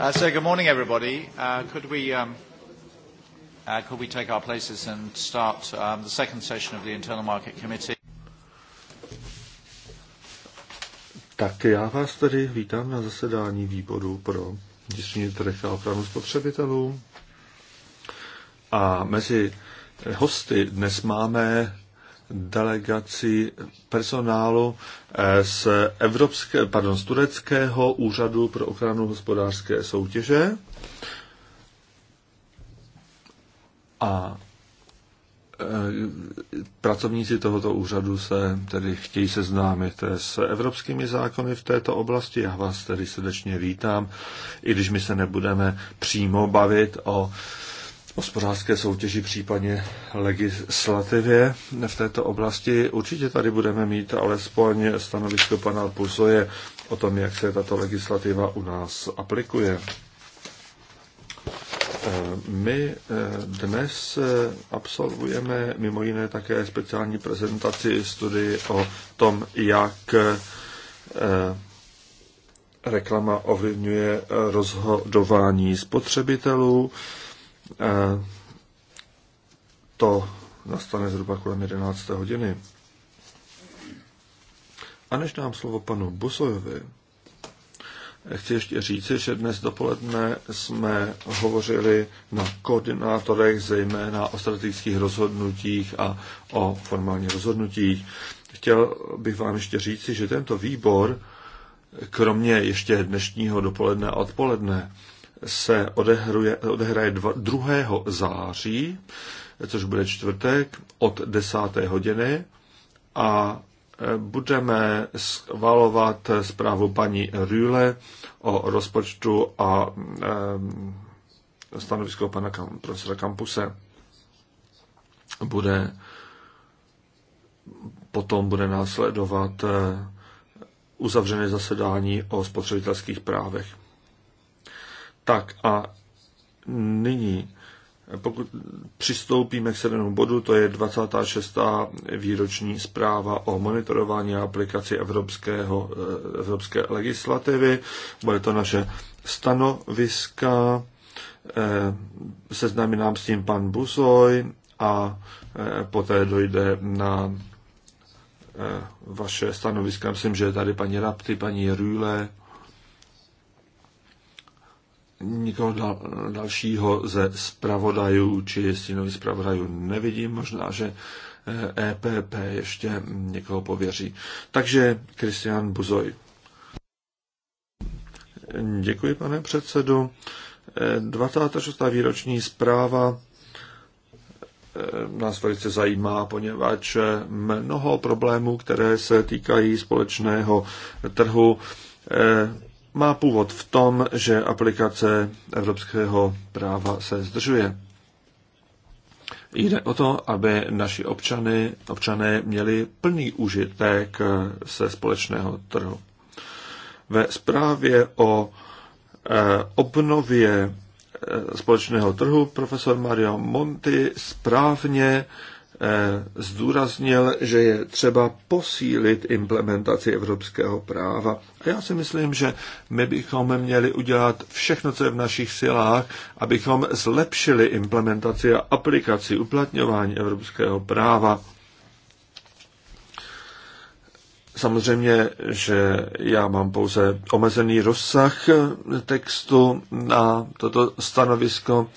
Uh, so good morning, everybody. Uh, could we um, uh, could we take our places and start um, the second session of the Internal Market Committee? Tak já vás tady vítám na zasedání výboru pro vnitřní trh a ochranu spotřebitelů. A mezi hosty dnes máme delegaci personálu eh, z, Evropské, pardon, z Tureckého úřadu pro ochranu hospodářské soutěže. A eh, pracovníci tohoto úřadu se tedy chtějí seznámit eh, s evropskými zákony v této oblasti. Já vás tedy srdečně vítám, i když my se nebudeme přímo bavit o hospodářské soutěži, případně legislativě v této oblasti. Určitě tady budeme mít alespoň stanovisko pana Pusoje o tom, jak se tato legislativa u nás aplikuje. Eh, my eh, dnes eh, absolvujeme mimo jiné také speciální prezentaci studii o tom, jak reklama ovlivňuje rozhodování spotřebitelů. Eh, to nastane zhruba kolem 11. hodiny. A než dám slovo panu Busojovi, eh, chci ještě říci, že dnes dopoledne jsme hovořili na koordinátorech, zejména o strategických rozhodnutích a o formálních rozhodnutích. Chtěl bych vám ještě říci, že tento výbor, kromě ještě dnešního dopoledne a odpoledne, se odehruje, odehraje 2. září, což bude čtvrtek, od 10. hodiny a e, budeme schvalovat zprávu paní Rühle o rozpočtu a e, stanovisko pana kam, profesora Kampuse. Bude, potom bude následovat e, uzavřené zasedání o spotřebitelských právech. Tak a nyní, pokud přistoupíme k sedmému bodu, to je 26. výroční zpráva o monitorování a aplikaci evropského, eh, evropské legislativy. Bude to naše stanoviska. Eh, Seznámí nám s tím pan Busoj a eh, poté dojde na vaše stanoviska. Myslím, že je tady paní Rapty, paní Rühle nikoho dal, dalšího ze zpravodajů či stínových zpravodajů nevidím. Možná, že EPP eh, e ještě někoho pověří. Takže Kristian Buzoj. Děkuji, pane předsedo. 26. Eh, výroční zpráva eh, nás velice zajímá, poněvadž mnoho problémů, které se týkají společného trhu, má původ v tom, že aplikace evropského práva se zdržuje. Jde o to, aby naši občany, občané měli plný užitek se společného trhu. Ve zprávě o eh, obnově eh, společného trhu profesor Mario Monti správně Eh, zdůraznil, že je třeba posílit implementaci evropského práva. A já si myslím, že my bychom měli udělat všechno, co je v našich silách, abychom zlepšili implementaci a aplikaci uplatňování evropského práva. Samozřejmě, že já mám pouze omezený rozsah textu na toto stanovisko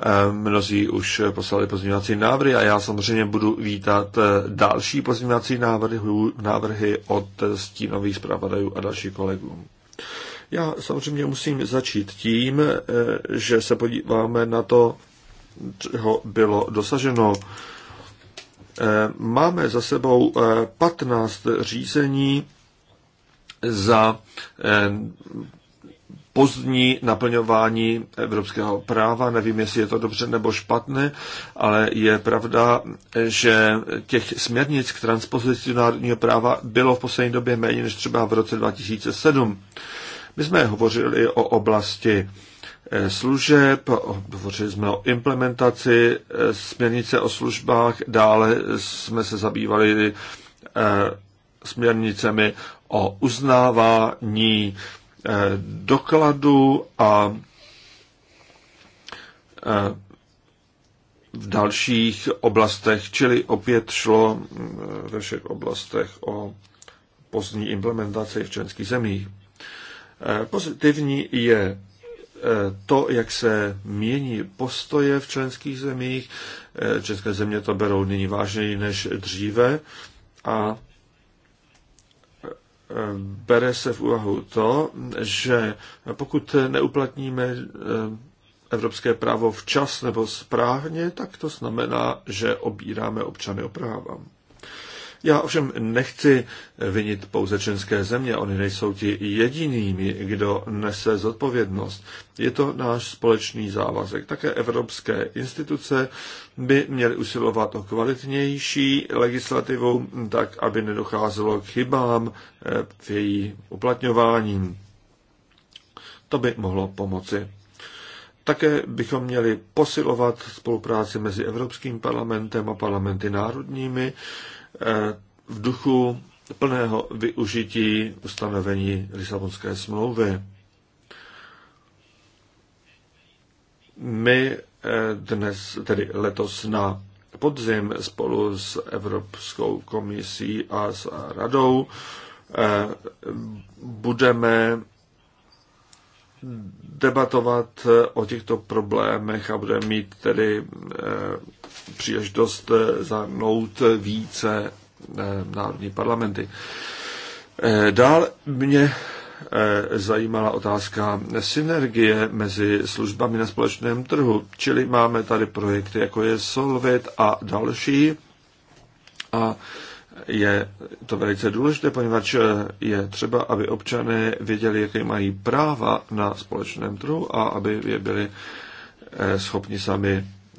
Eh, mnozí už poslali pozměňovací návrhy a já samozřejmě budu vítat eh, další pozměňovací návrhy, návrhy od stínových zpravodajů a dalších kolegů. Já samozřejmě musím začít tím, eh, že se podíváme na to, čeho bylo dosaženo. Máme za sebou 15 řízení za pozdní naplňování evropského práva. Nevím, jestli je to dobře nebo špatné, ale je pravda, že těch směrnic k transpozici národního práva bylo v poslední době méně než třeba v roce 2007. My jsme hovořili o oblasti eh, služeb, hovořili jsme o implementaci eh, směrnice o službách, dále jsme se zabývali eh, směrnicemi o uznávání Eh, dokladu a eh, v dalších oblastech, čili opět šlo eh, ve všech oblastech o pozdní implementaci v členských zemích. Pozitivní je to, jak se mění postoje v členských zemích. České země to berou nyní vážněji než dříve a bere se v úvahu to, že pokud neuplatníme eh, evropské právo včas nebo správně, tak to znamená, že obíráme občany o práva. Já ovšem nechci vinit pouze členské země, oni nejsou ti jedinými, kdo nese zodpovědnost. Je to náš společný závazek. Také evropské instituce by měly usilovat o kvalitnější legislativu, tak aby nedocházelo k chybám eh, v její uplatňování. To by mohlo pomoci. Také bychom měli posilovat spolupráci mezi Evropským parlamentem a parlamenty národními, Eh, v duchu plného využití ustanovení Lisabonské smlouvy. My eh, dnes, tedy letos na podzim spolu s Evropskou komisí a s radou eh, budeme debatovat eh, o těchto problémech a budeme mít tedy eh, příležitost eh, zahrnout více národní parlamenty. Dál mě zajímala otázka synergie mezi službami na společném trhu, čili máme tady projekty, jako je Solvit a další. A je to velice důležité, poněvadž je třeba, aby občané věděli, jaké mají práva na společném trhu a aby je byli eh, schopni sami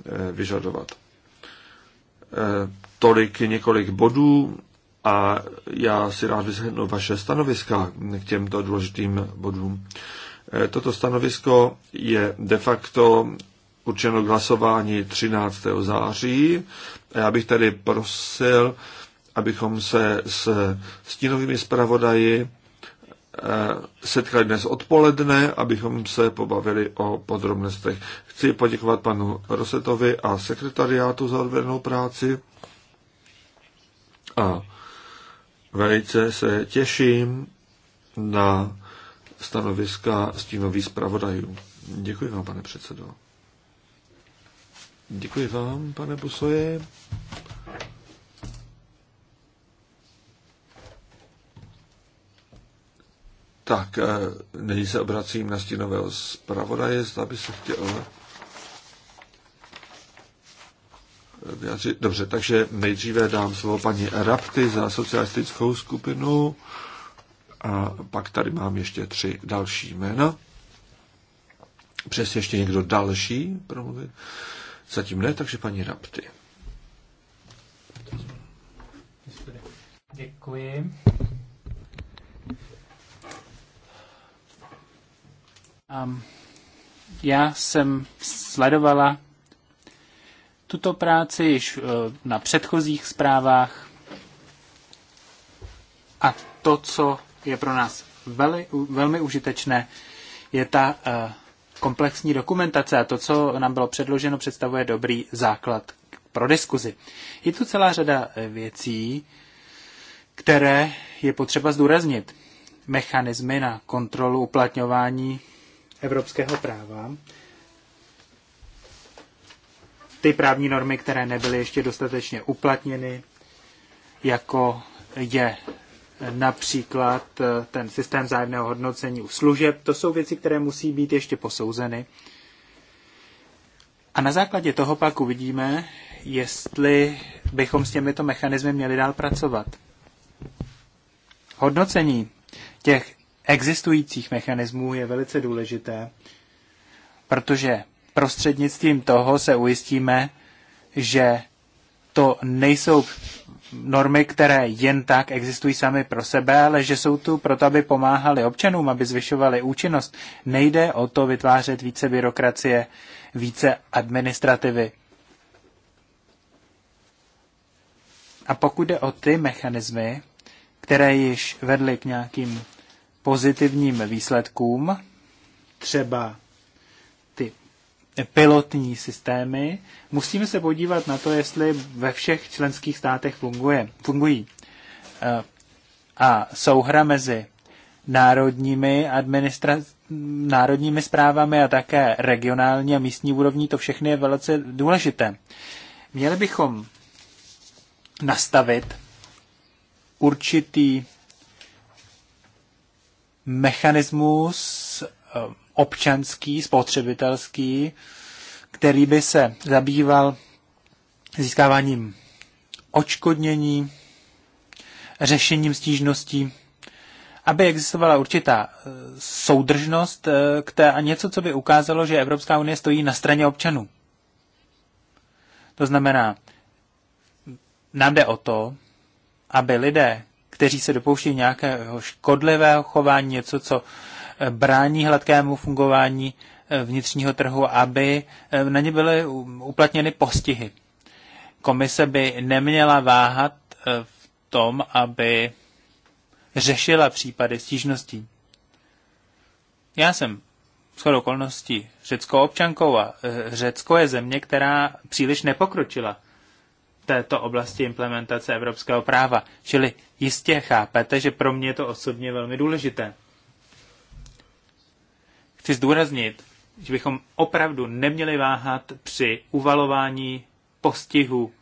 eh, vyžadovat. Eh, tolik několik bodů a já si rád vyzhnu vaše stanoviska k těmto důležitým bodům. Toto stanovisko je de facto určeno k hlasování 13. září. Já bych tady prosil, abychom se s stínovými zpravodaji eh, setkali dnes odpoledne, abychom se pobavili o podrobnostech. Chci poděkovat panu Rosetovi a sekretariátu za odvedenou práci a velice se těším na stanoviska stínových zpravodajů. Děkuji vám, pane předsedo. Děkuji vám, pane Busoje. Tak, eh, nyní se obracím na stínového zpravodaje, zda by se chtěl eh, vyjádřit. Dobře, takže nejdříve dám slovo paní Rapty za socialistickou skupinu a pak tady mám ještě tři další jména. Přes ještě někdo další promluvit? Zatím ne, takže paní Rapty. Děkuji. Um, já jsem sledovala tuto práci již eh, na předchozích zprávách a to, co je pro nás veli, velmi užitečné, je ta eh, komplexní dokumentace a to, co nám bylo předloženo, představuje dobrý základ pro diskuzi. Je tu celá řada eh, věcí, které je potřeba zdůraznit. Mechanismy na kontrolu uplatňování evropského práva ty právní normy, které nebyly ještě dostatečně uplatněny, jako je například eh, ten systém zájemného hodnocení u služeb. To jsou věci, které musí být ještě posouzeny. A na základě toho pak uvidíme, jestli bychom s těmito mechanizmy měli dál pracovat. Hodnocení těch existujících mechanismů je velice důležité, protože prostřednictvím toho se ujistíme, že to nejsou normy, které jen tak existují sami pro sebe, ale že jsou tu proto, aby pomáhali občanům, aby zvyšovali účinnost. Nejde o to vytvářet více byrokracie, více administrativy. A pokud jde o ty mechanismy, které již vedly k nějakým pozitivním výsledkům, třeba ty pilotní systémy, musíme se podívat na to, jestli ve všech členských státech funguje, fungují. Eh, a souhra mezi národními, administra- národními zprávami a také regionální a místní úrovní, to všechny je velice důležité. Měli bychom nastavit určitý mechanismus eh, občanský, spotřebitelský, který by se zabýval získáváním očkodnění, řešením stížností, aby existovala určitá eh, soudržnost eh, a něco, co by ukázalo, že Evropská unie stojí na straně občanů. To znamená, nám jde o to, aby lidé, kteří se dopouští nějakého škodlivého chování, něco, co eh, brání hladkému fungování eh, vnitřního trhu, aby eh, na ně byly uplatněny postihy. Komise by neměla váhat v tom, aby řešila případy stížností. Já jsem shodou okolností řeckou občankou a Řecko je země, která příliš nepokročila této oblasti implementace evropského práva. Čili jistě chápete, že pro mě je to osobně velmi důležité. Chci zdůraznit, že bychom opravdu neměli váhat při uvalování postihu,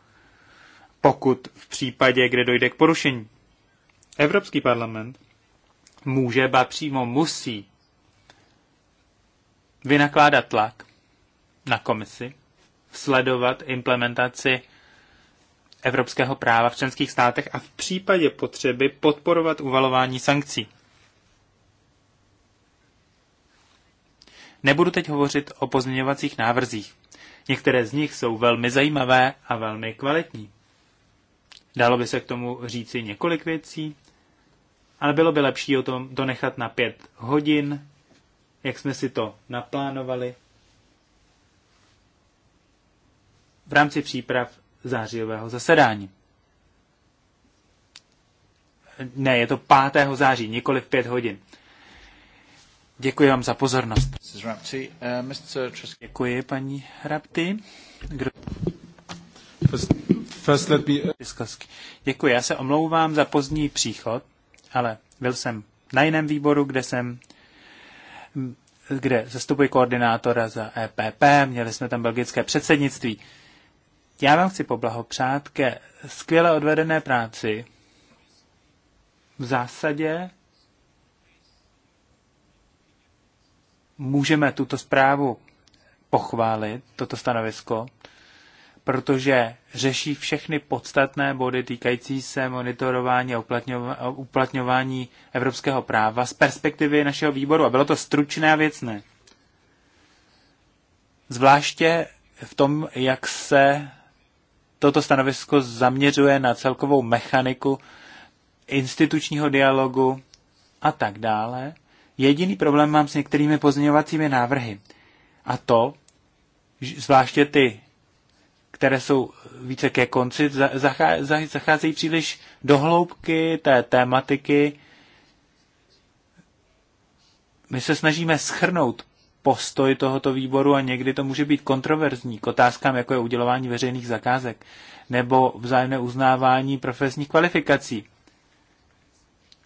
pokud v případě, kde dojde k porušení. Evropský parlament může, ba přímo musí vynakládat tlak na komisi, sledovat implementaci evropského práva v členských státech a v případě potřeby podporovat uvalování sankcí. Nebudu teď hovořit o pozměňovacích návrzích. Některé z nich jsou velmi zajímavé a velmi kvalitní. Dalo by se k tomu říci několik věcí, ale bylo by lepší o tom to nechat na pět hodin, jak jsme si to naplánovali. V rámci příprav zářijového zasedání. Ne, je to 5. září, nikoli v 5 hodin. Děkuji vám za pozornost. Uh, Děkuji, paní Rapti. Kdo... First let me... Uh, Děkuji, já se omlouvám za pozdní příchod, ale byl jsem na jiném výboru, kde jsem kde zastupuji koordinátora za EPP, měli jsme tam belgické předsednictví. Já vám chci poblahopřát ke skvěle odvedené práci. V zásadě můžeme tuto zprávu pochválit, toto stanovisko, protože řeší všechny podstatné body týkající se monitorování a uplatňování evropského práva z perspektivy našeho výboru. A bylo to stručné a věcné. Zvláště v tom, jak se toto stanovisko zaměřuje na celkovou mechaniku institučního dialogu a tak dále. Jediný problém mám s některými pozměňovacími návrhy. A to, zvláště ty, které jsou více ke konci, zacházejí příliš do hloubky té tématiky. My se snažíme schrnout postoj tohoto výboru a někdy to může být kontroverzní k otázkám, jako je udělování veřejných zakázek nebo vzájemné uznávání profesních kvalifikací.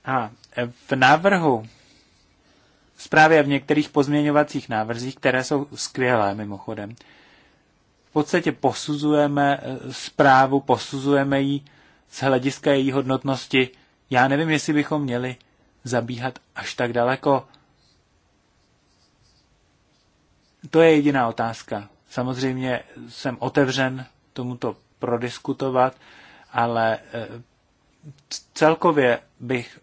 A v návrhu zprávě v některých pozměňovacích návrzích, které jsou skvělé mimochodem, v podstatě posuzujeme eh, zprávu, posuzujeme ji z hlediska její hodnotnosti. Já nevím, jestli bychom měli zabíhat až tak daleko to je jediná otázka. Samozřejmě jsem otevřen tomuto prodiskutovat, ale e, celkově bych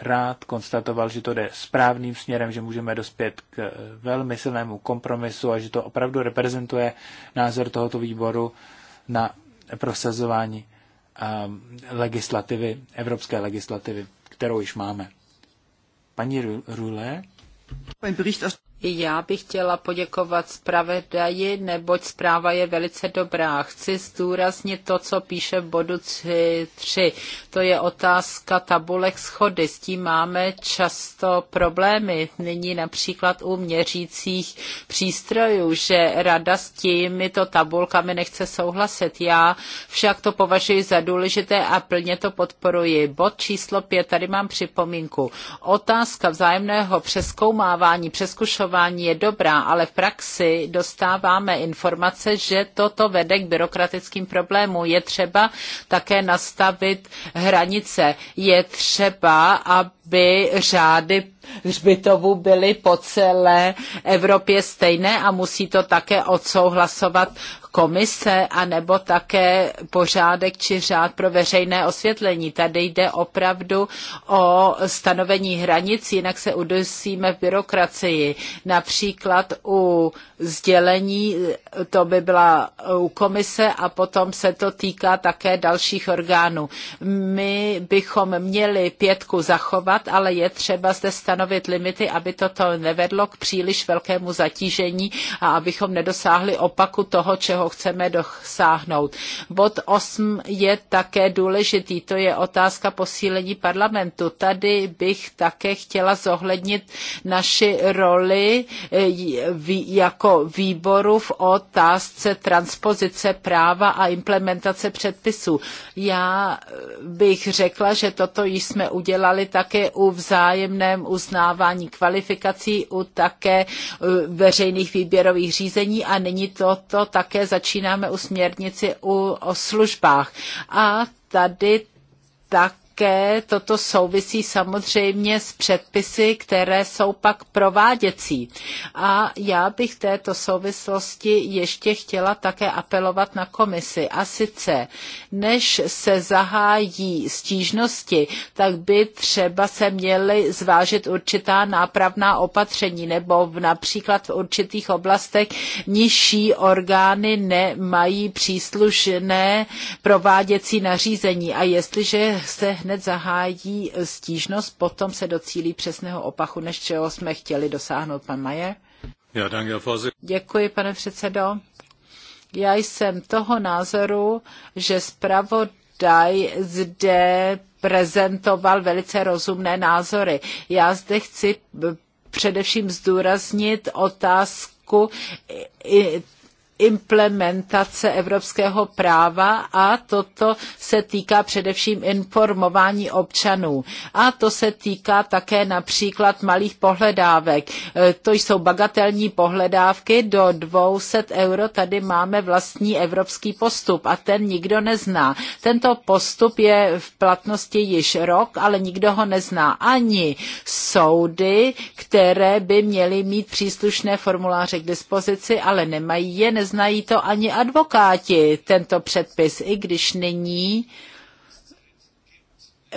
rád konstatoval, že to jde správným směrem, že můžeme dospět k e, velmi silnému kompromisu a že to opravdu reprezentuje názor tohoto výboru na prosazování legislativy, evropské legislativy, kterou již máme. Paní Rule? I Já bych chtěla poděkovat zpravodaji, neboť zpráva je velice dobrá. Chci zdůraznit to, co píše v bodu 3. To je otázka tabulek schody. S tím máme často problémy. Nyní například u měřících přístrojů, že rada s těmito tabulkami nechce souhlasit. Já však to považuji za důležité a plně to podporuji. Bod číslo 5, tady mám připomínku. Otázka vzájemného přeskoumávání, přeskušování vyšetřování je dobrá, ale v praxi dostáváme informace, že toto vede k byrokratickým problémům. Je třeba také nastavit hranice. Je třeba, aby by řády hřbitovů byly po celé Evropě stejné a musí to také odsouhlasovat komise a nebo také pořádek či řád pro veřejné osvětlení. Tady jde opravdu o stanovení hranic, jinak se udusíme v byrokracii. Například u sdělení, to by byla u komise a potom se to týká také dalších orgánů. My bychom měli pětku zachovat, dělat, ale je třeba zde stanovit limity, aby toto nevedlo k příliš velkému zatížení a abychom nedosáhli opaku toho, čeho chceme dosáhnout. Bod 8 je také důležitý, to je otázka posílení parlamentu. Tady bych také chtěla zohlednit naši roli eh, jako výboru v otázce transpozice práva a implementace předpisů. Já bych řekla, že toto jsme udělali také u vzájemném uznávání kvalifikací, u také e, veřejných výběrových řízení a nyní toto také začínáme u směrnici u, o službách. A tady tak také toto souvisí samozřejmě s předpisy, které jsou pak prováděcí. A já bych v této souvislosti ještě chtěla také apelovat na komisi. A sice, než se zahájí stížnosti, tak by třeba se měly zvážit určitá nápravná opatření nebo například v určitých oblastech nižší orgány nemají příslušné prováděcí nařízení. A jestliže se hned zahájí eh, stížnost, potom se docílí přesného opachu než čeho jsme chtěli dosáhnout, pan Majer. Děkuji, pane předsedo. Já jsem toho názoru, že zpravodaj zde prezentoval velice rozumné názory. Já zde chci eh, především zdůraznit otázku implementace evropského práva a toto se týká především informování občanů. A to se týká také například malých pohledávek. E, to jsou bagatelní pohledávky do 200 euro. Tady máme vlastní evropský postup a ten nikdo nezná. Tento postup je v platnosti již rok, ale nikdo ho nezná. Ani soudy, které by měly mít příslušné formuláře k dispozici, ale nemají je, neznají to ani advokáti, tento předpis, i když nyní uh,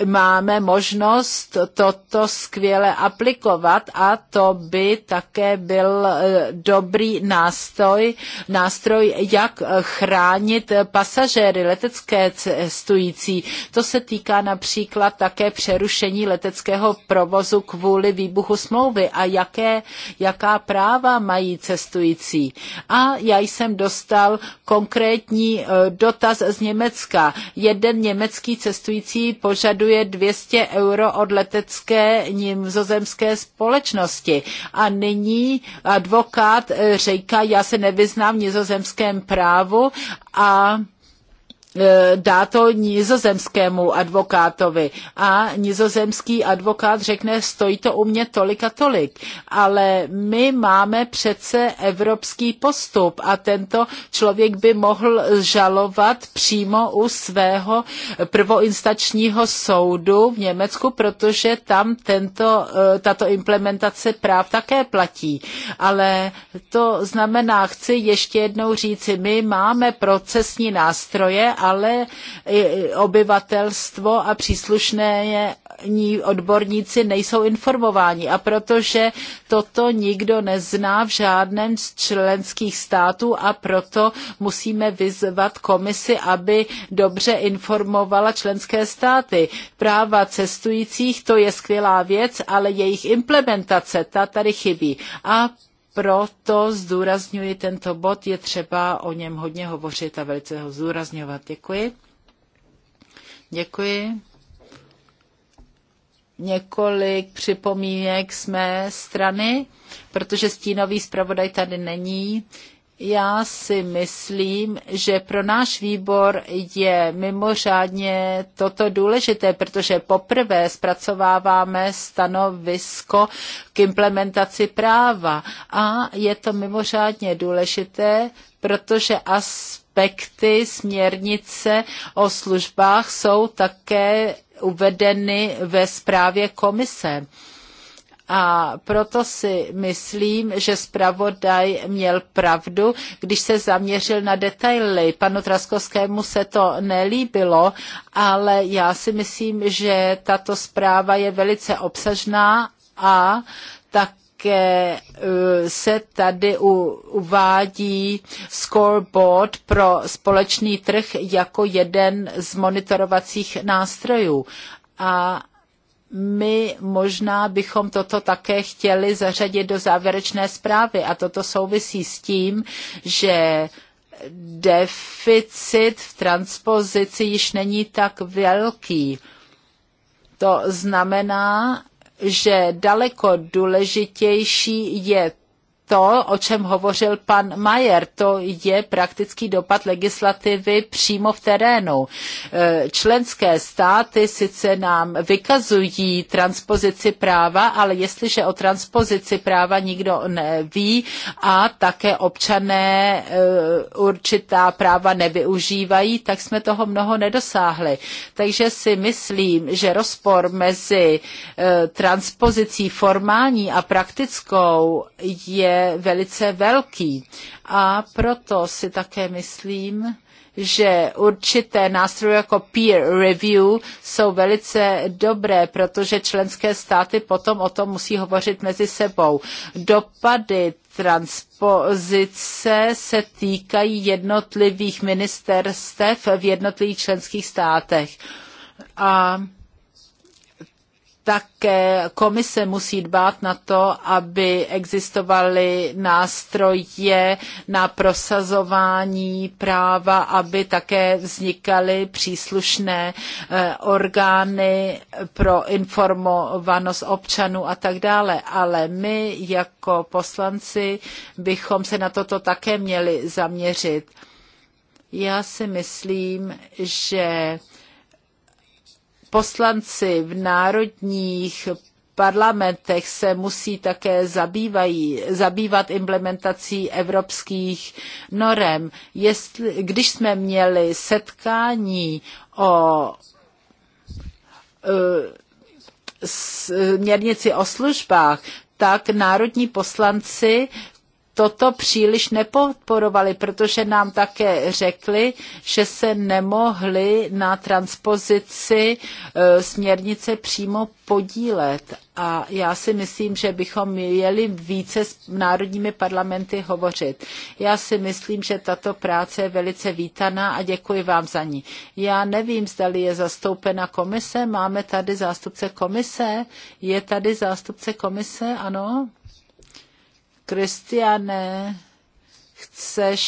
máme možnost toto skvěle aplikovat a to by také byl e, dobrý nástroj, nástroj jak chránit pasažéry letecké cestující. To se týká například také přerušení leteckého provozu kvůli výbuchu smlouvy a jaké, jaká práva mají cestující. A já jsem dostal konkrétní e, dotaz z Německa. Jeden německý cestující požaduje vyžaduje 200 euro od letecké nimzozemské společnosti. A nyní advokát eh, říká, já se nevyznám v nizozemském právu a E, dá to nizozemskému advokátovi a nizozemský advokát řekne, stojí to u mě tolik a tolik. Ale my máme přece evropský postup a tento člověk by mohl žalovat přímo u svého prvoinstačního soudu v Německu, protože tam tento, e, tato implementace práv také platí. Ale to znamená, chci ještě jednou říci, my máme procesní nástroje ale obyvatelstvo a příslušné odborníci nejsou informováni. A protože toto nikdo nezná v žádném z členských států a proto musíme vyzvat komisi, aby dobře informovala členské státy. Práva cestujících to je skvělá věc, ale jejich implementace ta tady chybí. A proto zdůrazňuji tento bod, je třeba o něm hodně hovořit a velice ho zdůrazňovat. Děkuji. Děkuji. Několik připomínek z mé strany, protože stínový zpravodaj tady není. Já si myslím, že pro náš výbor je mimořádně toto důležité, protože poprvé zpracováváme stanovisko k implementaci práva a je to mimořádně důležité, protože aspekty směrnice o službách jsou také uvedeny ve zprávě komise. A proto si myslím, že zpravodaj měl pravdu, když se zaměřil na detaily. Panu Traskovskému se to nelíbilo, ale já si myslím, že tato zpráva je velice obsažná a tak také eh, se tady uvádí scoreboard pro společný trh jako jeden z monitorovacích nástrojů. A my možná bychom toto také chtěli zařadit do závěrečné zprávy a toto souvisí s tím, že deficit v transpozici již není tak velký. To znamená, že daleko důležitější je to, o čem hovořil pan Majer, to je praktický dopad legislativy přímo v terénu. E, členské státy sice nám vykazují transpozici práva, ale jestliže o transpozici práva nikdo neví a také občané e, určitá práva nevyužívají, tak jsme toho mnoho nedosáhli. Takže si myslím, že rozpor mezi e, transpozicí formální a praktickou je velice velký. A proto si také myslím, že určité nástroje jako peer review jsou velice dobré, protože členské státy potom o tom musí hovořit mezi sebou. Dopady transpozice se týkají jednotlivých ministerstev v jednotlivých členských státech. A také komise musí dbát na to, aby existovaly nástroje na prosazování práva, aby také vznikaly příslušné eh, orgány pro informovanost občanů a tak dále. Ale my jako poslanci bychom se na toto také měli zaměřit. Já si myslím, že poslanci v národních parlamentech se musí také zabývají, zabývat implementací evropských norem. Jestli, když jsme měli setkání o e, e, směrnici o službách, tak národní poslanci toto příliš nepodporovali, protože nám také řekli, že se nemohli na transpozici e, směrnice přímo podílet. A já si myslím, že bychom měli více s národními parlamenty hovořit. Já si myslím, že tato práce je velice vítaná a děkuji vám za ní. Já nevím, zda je zastoupena komise. Máme tady zástupce komise. Je tady zástupce komise, ano? Kristiane, chceš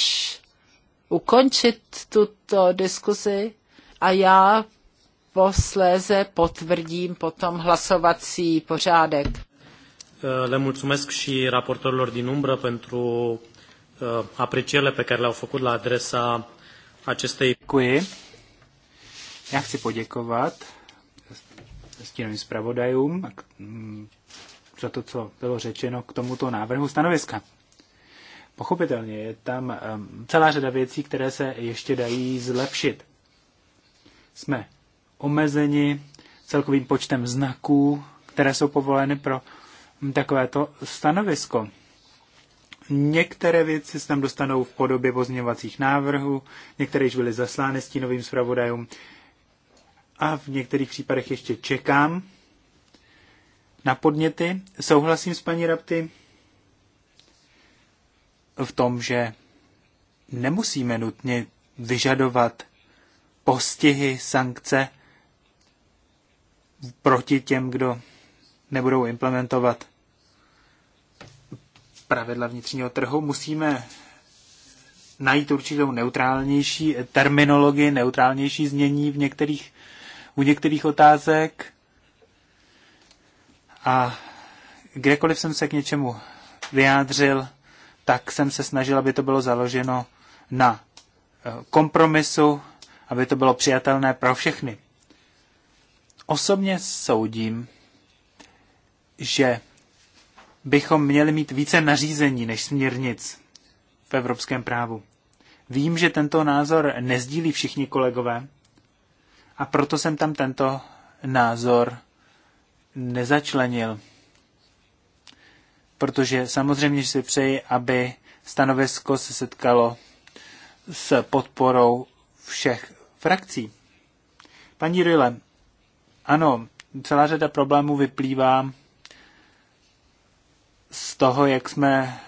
ukončit tuto diskuzi a já posléze potvrdím potom hlasovací pořádek. Eh, le mulțumesc și raportorilor din umbră pentru eh, aprecierile pe care le-au făcut la adresa acestei... Děkuji. Já chci poděkovat stínovým zpravodajům za to, co bylo řečeno k tomuto návrhu stanoviska. Pochopitelně je tam celá řada věcí, které se ještě dají zlepšit. Jsme omezeni celkovým počtem znaků, které jsou povoleny pro hm, takovéto stanovisko. Některé věci se tam dostanou v podobě pozměňovacích návrhů, některé již byly zaslány stínovým zpravodajům a v některých případech ještě čekám na podněty. Souhlasím s paní Rapty v tom, že nemusíme nutně vyžadovat postihy, sankce proti těm, kdo nebudou implementovat pravidla vnitřního trhu. Musíme najít určitou neutrálnější terminologii, neutrálnější znění v některých, u některých otázek. A kdekoliv jsem se k něčemu vyjádřil, tak jsem se snažil, aby to bylo založeno na eh, kompromisu, aby to bylo přijatelné pro všechny. Osobně soudím, že bychom měli mít více nařízení než směrnic v evropském právu. Vím, že tento názor nezdílí všichni kolegové a proto jsem tam tento názor nezačlenil. Protože samozřejmě si přeji, aby stanovisko se setkalo s podporou všech frakcí. Paní Ryle, ano, celá řada problémů vyplývá z toho, jak jsme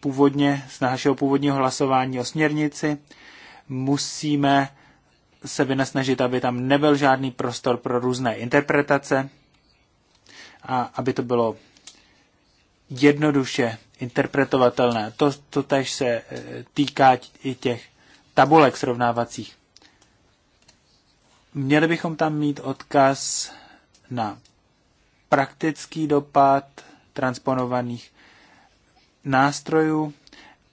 původně, z našeho původního hlasování o směrnici, musíme se vynasnažit, aby tam nebyl žádný prostor pro různé interpretace a aby to bylo jednoduše interpretovatelné. To, to tež se e, týká i těch tabulek srovnávacích. Měli bychom tam mít odkaz na praktický dopad transponovaných nástrojů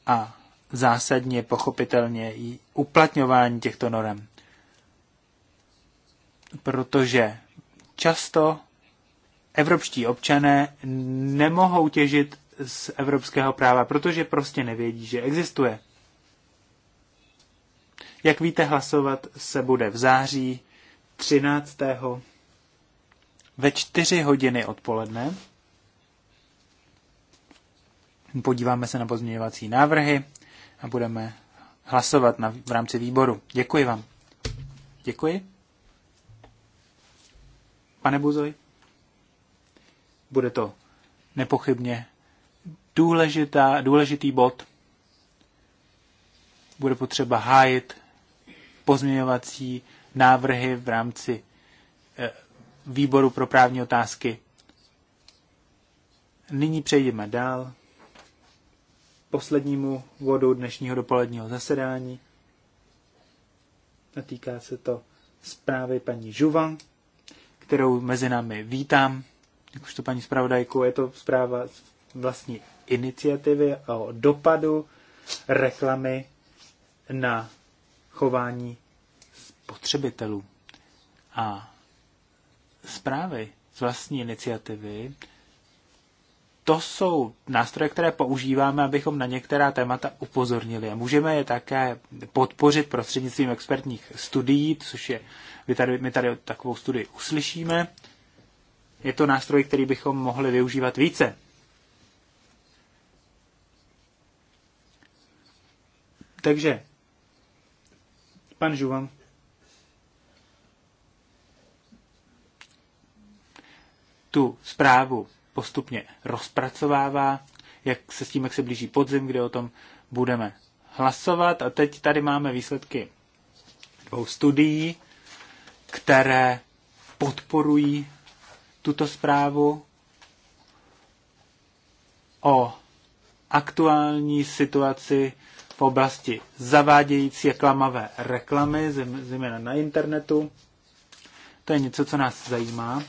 a zásadně pochopitelně i uplatňování těchto norem. Protože často evropští občané nemohou těžit z evropského práva, protože prostě nevědí, že existuje. Jak víte, hlasovat se bude v září 13. ve 4 hodiny odpoledne. Podíváme se na pozměňovací návrhy a budeme hlasovat na, v rámci výboru. Děkuji vám. Děkuji. Pane Buzoj. Bude to nepochybně důležitá, důležitý bod. Bude potřeba hájit pozměňovací návrhy v rámci eh, výboru pro právní otázky. Nyní přejdeme dál poslednímu vodu dnešního dopoledního zasedání. Natýká týká se to zprávy paní Žuva, kterou mezi námi vítám jak už to paní zpravodajku, je to zpráva vlastní iniciativy o dopadu reklamy na chování spotřebitelů. A zprávy z vlastní iniciativy, to jsou nástroje, které používáme, abychom na některá témata upozornili. A můžeme je také podpořit prostřednictvím expertních studií, což je, my tady, my tady takovou studii uslyšíme, je to nástroj, který bychom mohli využívat více. Takže, pan Žuvan. Tu zprávu postupně rozpracovává, jak se s tím, jak se blíží podzim, kde o tom budeme hlasovat. A teď tady máme výsledky dvou studií, které podporují tuto zprávu o aktuální situaci v oblasti zavádějící a klamavé reklamy, zejména na internetu. To je něco, co nás zajímá,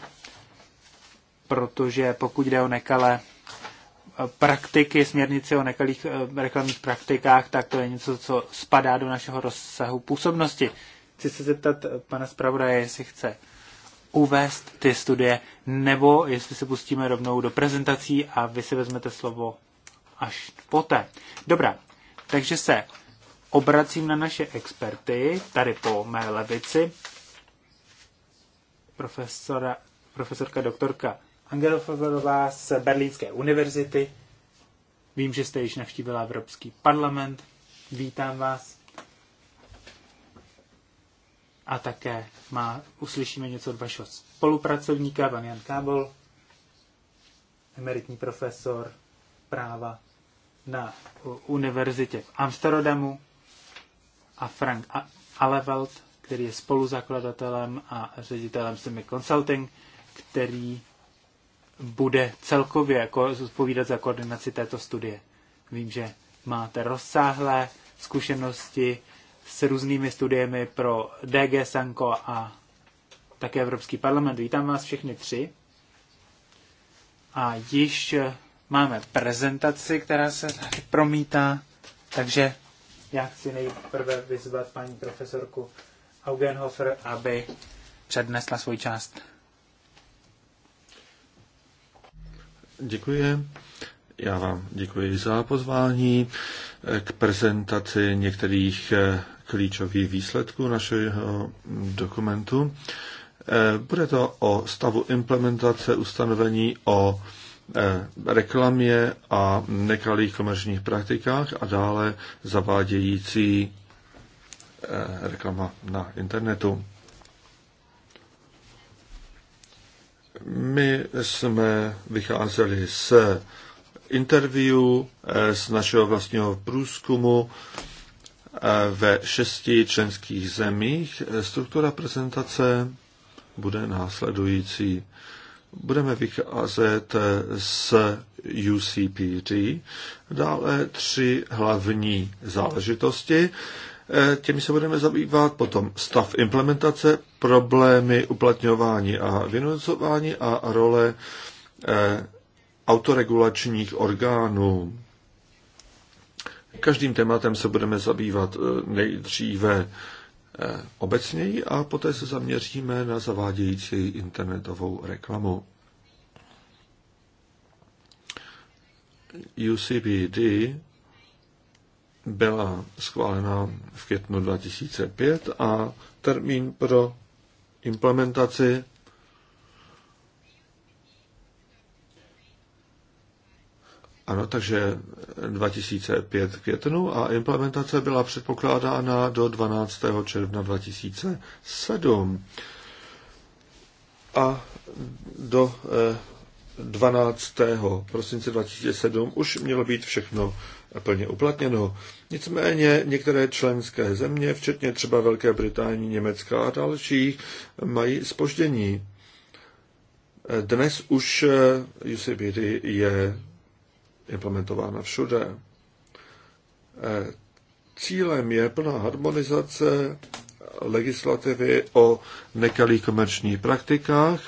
protože pokud jde o nekalé e, praktiky, směrnice o nekalých e, reklamních praktikách, tak to je něco, co spadá do našeho rozsahu působnosti. Chci se zeptat e, pana zpravodaje, jestli chce uvést ty studie, nebo jestli se pustíme rovnou do prezentací a vy si vezmete slovo až poté. Dobrá, takže se obracím na naše experty, tady po mé levici, profesora, profesorka doktorka Favelová z Berlínské univerzity. Vím, že jste již navštívila Evropský parlament. Vítám vás a také má, uslyšíme něco od vašeho spolupracovníka, pan Jan Kábol, emeritní profesor práva na univerzitě v Amsterdamu a Frank Aleveld, který je spoluzakladatelem a ředitelem Semi Consulting, který bude celkově jako zodpovídat za koordinaci této studie. Vím, že máte rozsáhlé zkušenosti s různými studiemi pro DG Sanko a také Evropský parlament. Vítám vás všechny tři. A již máme prezentaci, která se tady promítá, takže já chci nejprve vyzvat paní profesorku Augenhofer, aby přednesla svou část. Děkuji. Já vám děkuji za pozvání k prezentaci některých klíčových výsledků našeho dokumentu. Eh, bude to o stavu implementace ustanovení o eh, reklamě a nekalých komerčních praktikách a dále zavádějící eh, reklama na internetu. My jsme vycházeli z interview, z našeho vlastního průzkumu, ve šesti členských zemích. Eh, struktura prezentace bude následující. Budeme vycházet z UCPD, dále tři hlavní záležitosti. Eh, těmi se budeme zabývat potom stav implementace, problémy uplatňování a vynucování a role eh, autoregulačních orgánů. Každým tématem se budeme zabývat eh, nejdříve eh, obecněji a poté se zaměříme na zavádějící internetovou reklamu. UCBD byla schválena v květnu 2005 a termín pro implementaci Ano, takže 2005 květnu a implementace byla předpokládána do 12. června 2007. A do 12. Eh, prosince 2007 už mělo být všechno plně uplatněno. Nicméně některé členské země, včetně třeba Velké Británie, Německa a dalších, mají spoždění. Eh, dnes už eh, UCBD je implementována všude. E, cílem je plná harmonizace legislativy o nekalých komerčních praktikách,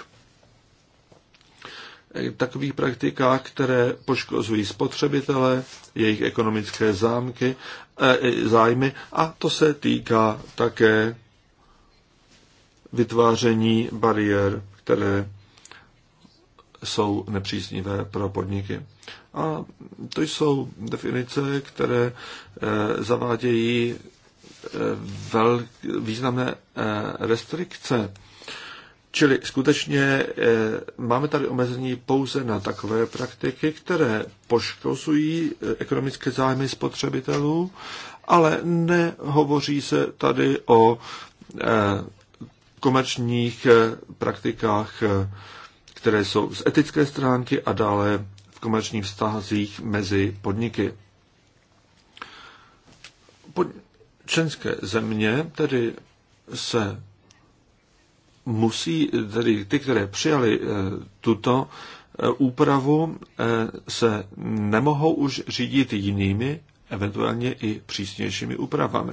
e, takových praktikách, které poškozují spotřebitele, jejich ekonomické zámky, e, zájmy a to se týká také vytváření bariér, které jsou nepříznivé pro podniky. A to jsou definice, které eh, zavádějí eh, velk, významné eh, restrikce. Čili skutečně máme tady omezení pouze na takové praktiky, které poškozují ekonomické zájmy spotřebitelů, ale nehovoří se tady o komerčních praktikách, které jsou z etické stránky a dále komerčních vztazích mezi podniky. Pod členské země tedy se musí, tedy ty, které přijali eh, tuto eh, úpravu, eh, se nemohou už řídit jinými, eventuálně i přísnějšími úpravami.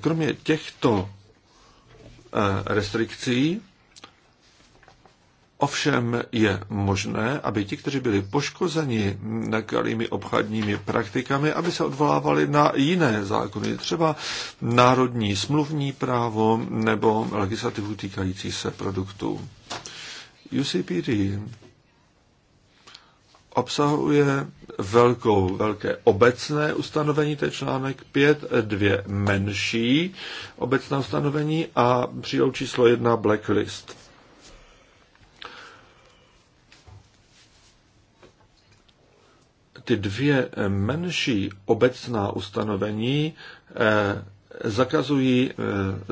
Kromě těchto restrikcí Ovšem je možné, aby ti, kteří byli poškozeni nekalými obchodními praktikami, aby se odvolávali na jiné zákony, třeba národní smluvní právo nebo legislativu týkající se produktů. UCPD obsahuje velkou, velké obecné ustanovení, to je článek 5, dvě menší obecná ustanovení a přílohu číslo 1 blacklist. ty dvě eh, menší obecná ustanovení eh, zakazují eh,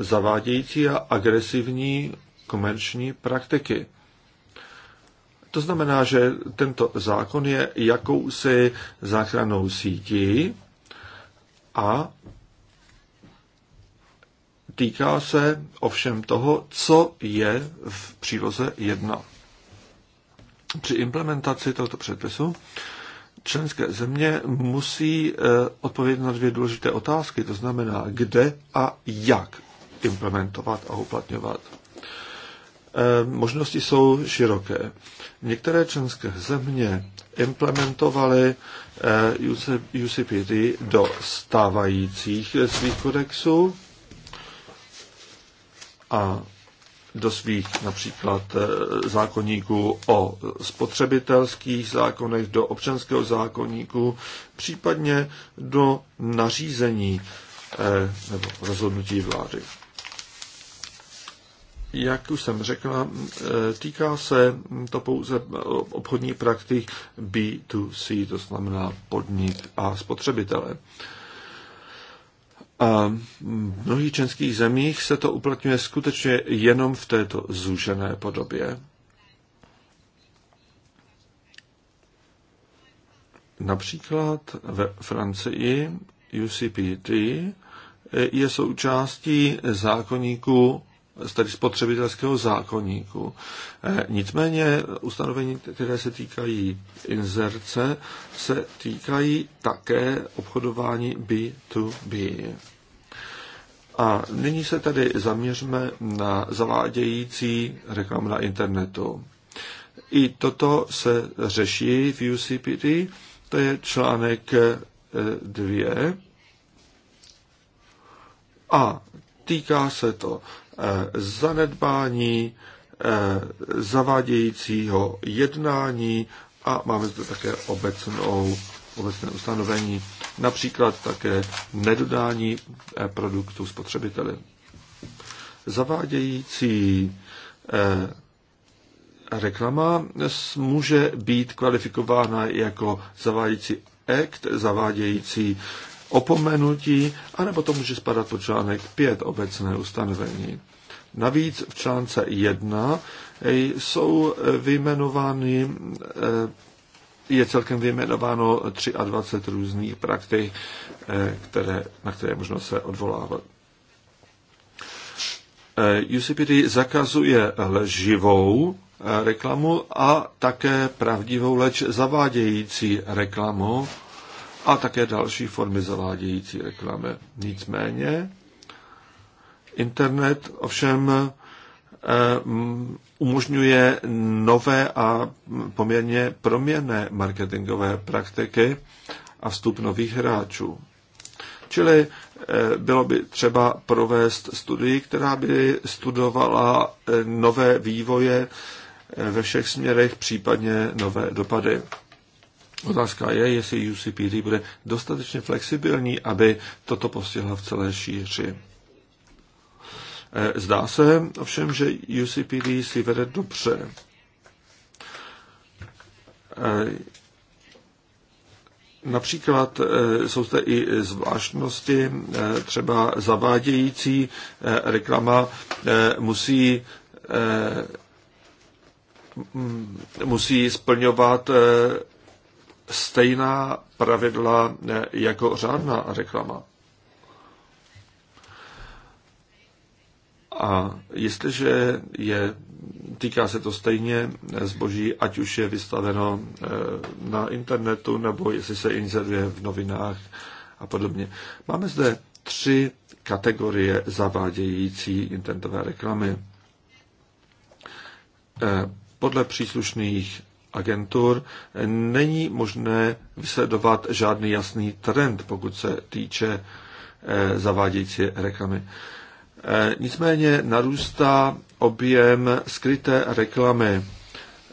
zavádějící a agresivní komerční praktiky. To znamená, že tento zákon je jakousi záchranou sítí a týká se ovšem toho, co je v příloze 1. Při implementaci tohoto předpisu členské země musí eh, odpovědět na dvě důležité otázky, to znamená kde a jak implementovat a uplatňovat. Eh, možnosti jsou široké. Některé členské země implementovaly eh, UCPD do stávajících svých kodexů a do svých například eh, zákonníků o spotřebitelských zákonech, do občanského zákonníku, případně do nařízení eh, nebo rozhodnutí vlády. Jak už jsem řekla, eh, týká se to pouze obchodní praktik B2C, to znamená podnik a spotřebitele. A v mnohých českých zemích se to uplatňuje skutečně jenom v této zúžené podobě. Například ve Francii UCPT je součástí zákoníku tedy spotřebitelského zákoníku. Eh, nicméně ustanovení, které se týkají inzerce, se týkají také obchodování B2B. A nyní se tedy zaměřme na zavádějící reklamu na internetu. I toto se řeší v UCPD, to je článek 2. Eh, A týká se to Eh, zanedbání eh, zavádějícího jednání a máme zde také obecnou, obecné ustanovení, například také nedodání eh, produktů spotřebiteli. Zavádějící reklama může být kvalifikována jako zavádějící akt, zavádějící opomenutí, anebo to může spadat pod článek 5 obecné ustanovení. Navíc v článce 1 e, jsou vyjmenovány e, je celkem vyjmenováno 23 různých praktik, e, které, na které je možno se odvolávat. UCPD zakazuje lživou reklamu a také pravdivou, leč zavádějící reklamu, a také další formy zavádějící reklamy. Nicméně internet ovšem eh, umožňuje nové a poměrně proměrné marketingové praktiky a vstup nových hráčů. Čili eh, bylo by třeba provést studii, která by studovala eh, nové vývoje ve všech směrech, případně nové dopady. Otázka je, jestli UCPD bude dostatečně flexibilní, aby toto postihla v celé šíři. E, zdá se ovšem, že UCPD si vede dobře. E, například e, jsou zde i zvláštnosti, třeba zavádějící reklama musí musí splňovat stejná pravidla eh, jako řádná reklama. A jestliže je, týká se to stejně zboží, ať už je vystaveno eh, na internetu, nebo jestli se inzeruje v novinách a podobně. Máme zde tři kategorie zavádějící internetové reklamy. Eh, podle příslušných agentur, není možné vysledovat žádný jasný trend, pokud se týče eh, zavádějící reklamy. Eh, nicméně narůstá objem skryté reklamy.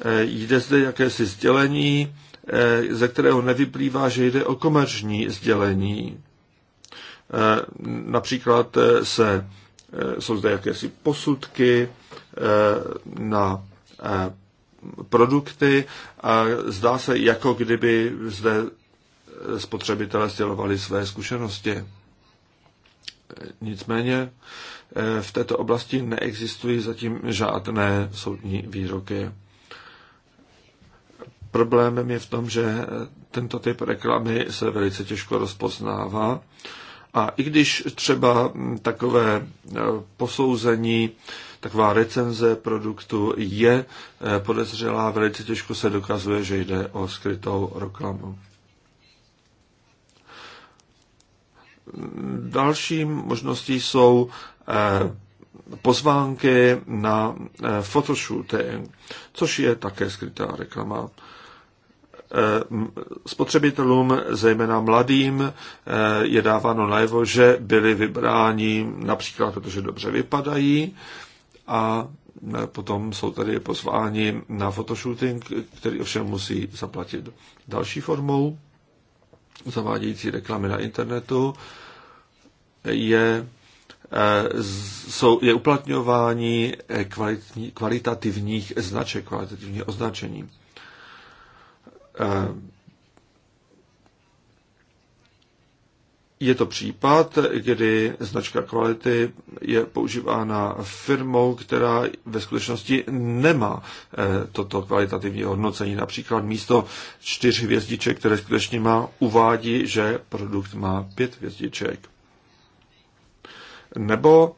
Eh, jde zde jakési sdělení, ze kterého nevyplývá, že jde o komerční sdělení. Například se, jsou zde jakési posudky na produkty a zdá se, jako kdyby zde spotřebitelé stělovali své zkušenosti. Nicméně eh, v této oblasti neexistují zatím žádné soudní výroky. Problémem je v tom, že tento typ reklamy se velice těžko rozpoznává. A i když třeba takové eh, posouzení taková recenze produktu je eh, podezřelá, velice těžko se dokazuje, že jde o skrytou reklamu. Další možností jsou eh, pozvánky na eh, photoshooting, což je také skrytá reklama. Spotřebitelům, zejména mladým, je dáváno najevo, že byli vybráni například, protože dobře vypadají, a potom jsou tady pozváni na fotoshooting, který ovšem musí zaplatit. Další formou zavádějící reklamy na internetu je, eh, jsou, je uplatňování eh, kvalitní, kvalitativních značek, kvalitativní označení. Eh, Je to případ, kdy značka kvality je používána firmou, která ve skutečnosti nemá eh, toto kvalitativní hodnocení. Například místo čtyř hvězdiček, které skutečně má, uvádí, že produkt má pět hvězdiček. Nebo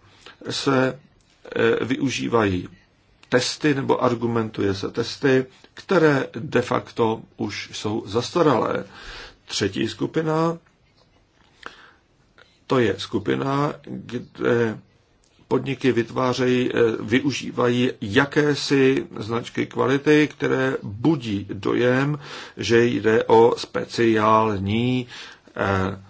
se eh, využívají testy nebo argumentuje se testy, které de facto už jsou zastaralé. Třetí skupina to je skupina, kde podniky vytvářejí, eh, využívají jakési značky kvality, které budí dojem, že jde o speciální eh,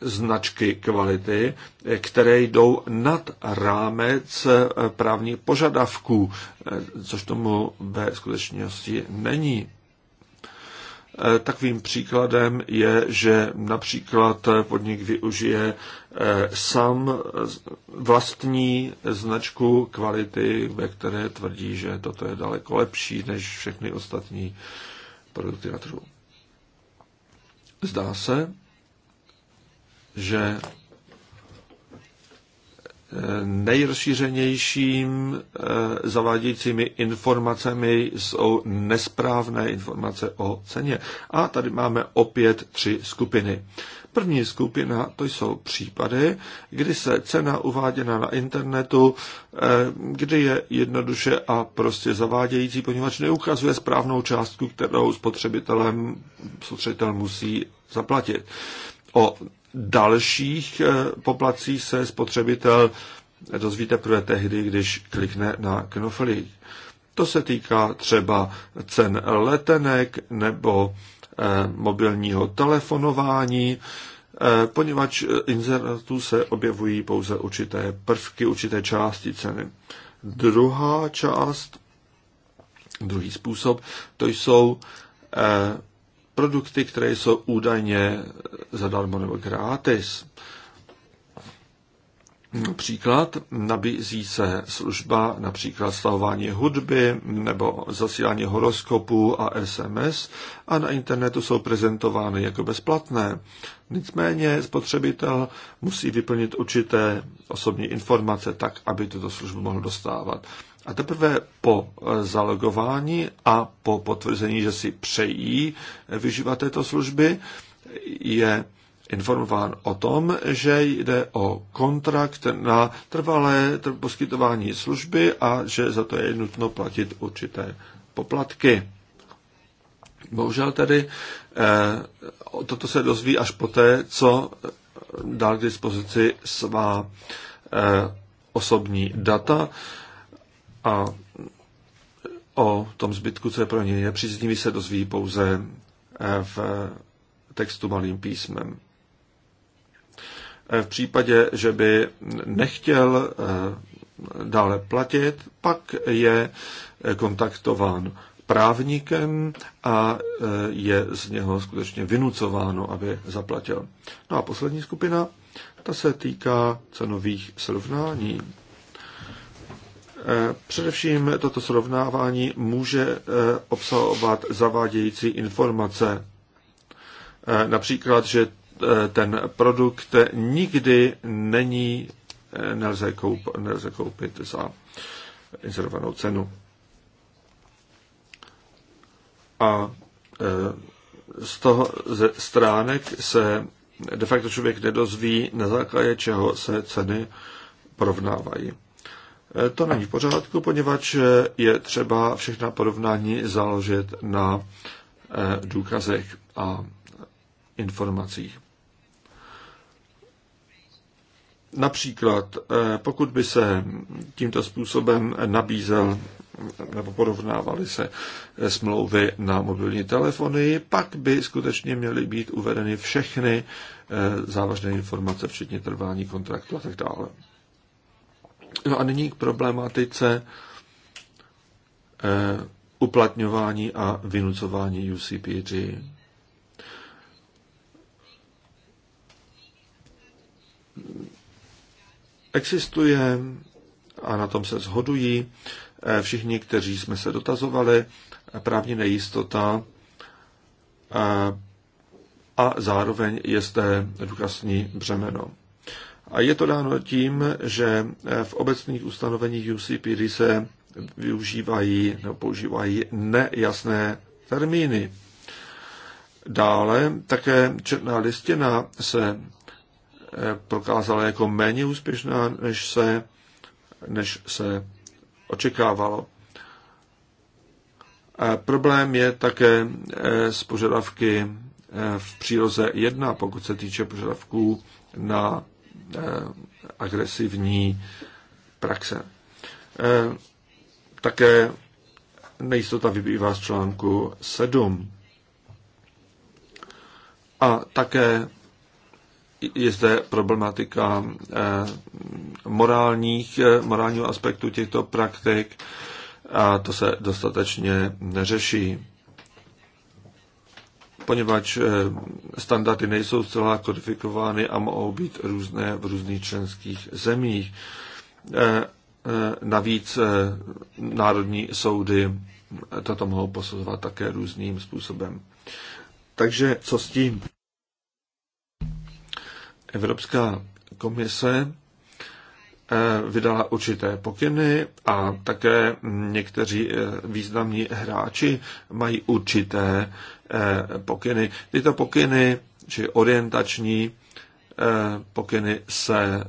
značky kvality, které jdou nad rámec eh, právních požadavků, což tomu ve skutečnosti není. Eh, takovým příkladem je, že například podnik využije eh, sám eh, vlastní značku kvality, ve které tvrdí, že toto je daleko lepší než všechny ostatní produkty na trhu. Zdá se, že Nejrozšířenějším eh, zavádějícími informacemi jsou nesprávné informace o ceně. A tady máme opět tři skupiny. První skupina to jsou případy, kdy se cena uváděna na internetu, eh, kdy je jednoduše a prostě zavádějící, poněvadž neukazuje správnou částku, kterou spotřebitelem, spotřebitel musí zaplatit. O dalších eh, poplacích se spotřebitel dozvíte prvé tehdy, když klikne na knoflík. To se týká třeba cen letenek nebo eh, mobilního telefonování, eh, poněvadž inzerátů se objevují pouze určité prvky, určité části ceny. Druhá část, druhý způsob, to jsou produkty, které jsou údajně zadarmo nebo gratis. Například nabízí se služba například stahování hudby nebo zasílání horoskopů a SMS a na internetu jsou prezentovány jako bezplatné. Nicméně spotřebitel musí vyplnit určité osobní informace tak, aby tuto službu mohl dostávat. A teprve po eh, zalogování a po potvrzení, že si přejí eh, využívat této služby, je informován o tom, že jde o kontrakt na trvalé poskytování služby a že za to je nutno platit určité poplatky. Bohužel tedy eh, toto se dozví až poté, co dal k dispozici svá osobní data a o tom zbytku, co je pro něj nepříznivý, se dozví pouze eh, v eh, textu malým písmem. Eh, v případě, že by nechtěl dále platit, pak je kontaktován právníkem a je z něho skutečně vynucováno, aby zaplatil. No a poslední skupina, ta se týká cenových srovnání. Eh, především toto srovnávání může eh, obsahovat zavádějící informace. Eh, například, že ten produkt nikdy není, nelze, koup, nelze koupit za inzerovanou cenu. A z toho ze stránek se de facto člověk nedozví, na základě čeho se ceny porovnávají. Eh, to není v pořádku, poněvadž eh, je třeba všechna porovnání založit na eh, důkazech a informacích. Například, pokud by se tímto způsobem nabízel nebo porovnávaly se smlouvy na mobilní telefony, pak by skutečně měly být uvedeny všechny závažné informace, včetně trvání kontraktu a tak dále. No a nyní k problematice eh, uplatňování a vynucování UCPG. Existuje, a na tom se shodují eh, všichni, kteří jsme se dotazovali, právní nejistota eh, a zároveň je zde důkazní břemeno. A je to dáno tím, že v obecných ustanoveních UCPD se využívají nebo používají nejasné termíny. Dále také černá listina se eh, prokázala jako méně úspěšná, než se, než se očekávalo. A problém je také eh, s požadavky eh, v příloze 1, pokud se týče požadavků na Eh, agresivní praxe. Eh, také nejistota vybývá z článku 7. A také je zde problematika eh, morálních, morálního aspektu těchto praktik a to se dostatečně neřeší poněvadž eh, standardy nejsou zcela kodifikovány a mohou být různé v různých členských zemích. Eh, eh, navíc národní soudy toto mohou posuzovat také různým způsobem. Takže co s tím? Evropská komise Eh, vydala určité pokyny a také někteří eh, významní hráči mají určité eh, pokyny. Tyto pokyny, či orientační pokyny, se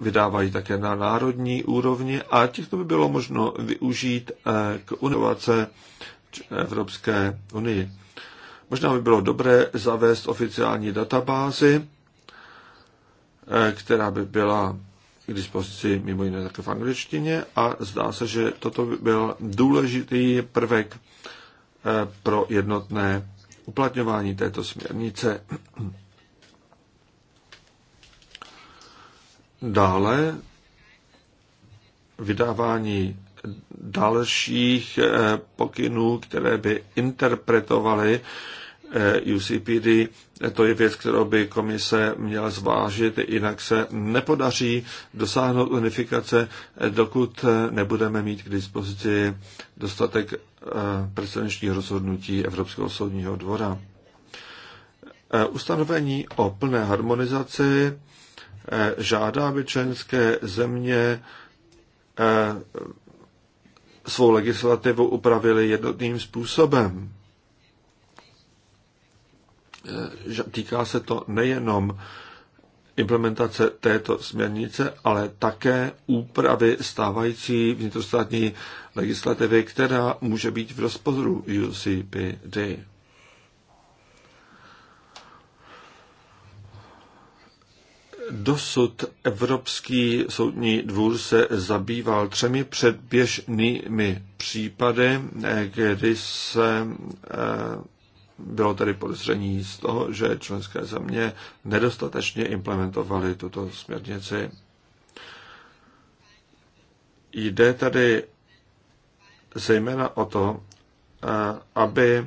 vydávají také na národní úrovni a těchto by bylo možno využít k inovace Evropské unii. Možná by bylo dobré zavést oficiální databázi, která by byla k dispozici mimo jiné také v angličtině a zdá se, že toto by byl důležitý prvek eh, pro jednotné uplatňování této směrnice. Dále vydávání dalších eh, pokynů, které by interpretovaly E, e, UCPD. To je věc, kterou by komise měla zvážit, jinak se nepodaří dosáhnout unifikace, e, dokud nebudeme mít k dispozici dostatek precedenčních rozhodnutí Evropského soudního dvora. Ustanovení o plné harmonizaci žádá, aby členské země svou legislativu upravili jednotným způsobem. Eh, týká se to nejenom implementace této směrnice, ale také úpravy stávající vnitrostátní legislativy, která může být v rozporu UCPD. Dosud Evropský soudní dvůr se zabýval třemi předběžnými případy, eh, kdy se eh, bylo tedy podezření z toho, že členské země nedostatečně implementovaly tuto směrnici. Jde tady zejména o to, eh, aby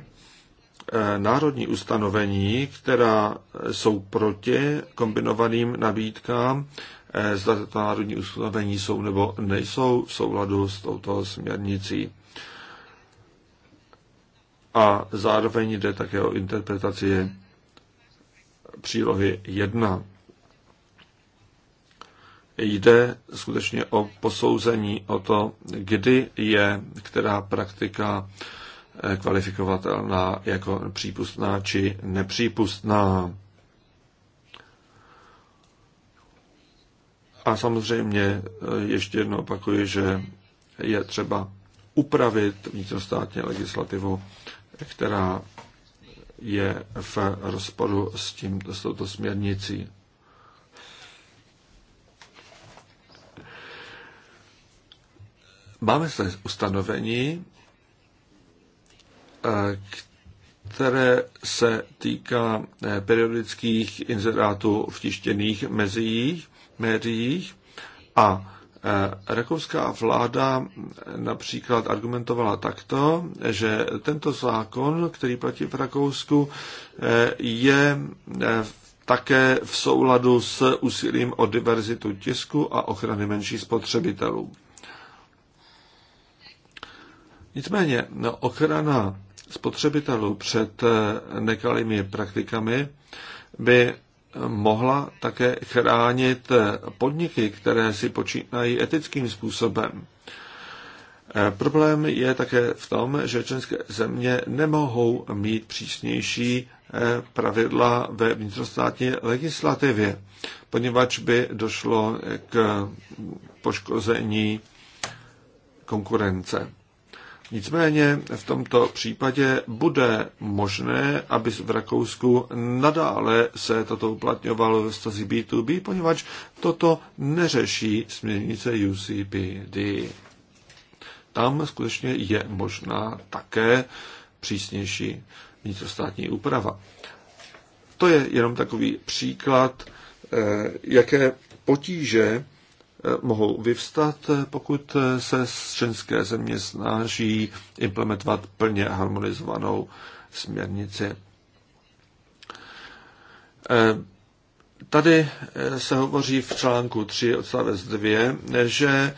eh, národní ustanovení, která jsou proti kombinovaným nabídkám, eh, zda to národní ustanovení jsou nebo nejsou v souladu s touto směrnicí a zároveň jde také o interpretaci přílohy 1. Jde skutečně o posouzení o to, kdy je která praktika eh, kvalifikovatelná jako přípustná či nepřípustná. A samozřejmě eh, ještě jednou opakuji, že je třeba upravit vnitrostátně legislativu která je v rozporu s, tím, s touto směrnicí. Máme se ustanovení, eh, které se týká eh, periodických inzerátů vtištěných mezích, médiích a Eh, rakouská vláda například argumentovala takto, že tento zákon, který platí v Rakousku, eh, je eh, také v souladu s úsilím o diverzitu tisku a ochrany menších spotřebitelů. Nicméně no, ochrana spotřebitelů před nekalými praktikami by mohla také chránit podniky, které si počínají etickým způsobem. E, problém je také v tom, že členské země nemohou mít přísnější e, pravidla ve vnitrostátní legislativě, poněvadž by došlo k poškození konkurence. Nicméně v tomto případě bude možné, aby v Rakousku nadále se toto uplatňovalo ve stazi B2B, poněvadž toto neřeší směrnice UCPD. Tam skutečně je možná také přísnější vnitrostátní úprava. To je jenom takový příklad, eh, jaké potíže mohou vyvstat, pokud se členské země snaží implementovat plně harmonizovanou směrnici. Tady se hovoří v článku 3 odstavec 2, že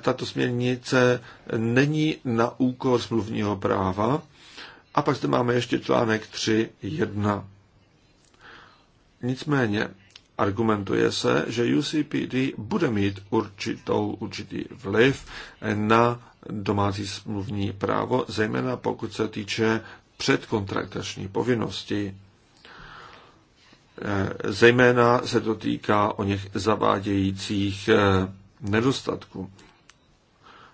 tato směrnice není na úkor smluvního práva. A pak zde máme ještě článek 3.1. Nicméně argumentuje se, že UCPD bude mít určitou, určitý vliv na domácí smluvní právo, zejména pokud se týče předkontraktační povinnosti. Eh, zejména se to týká o něch zavádějících eh, nedostatků.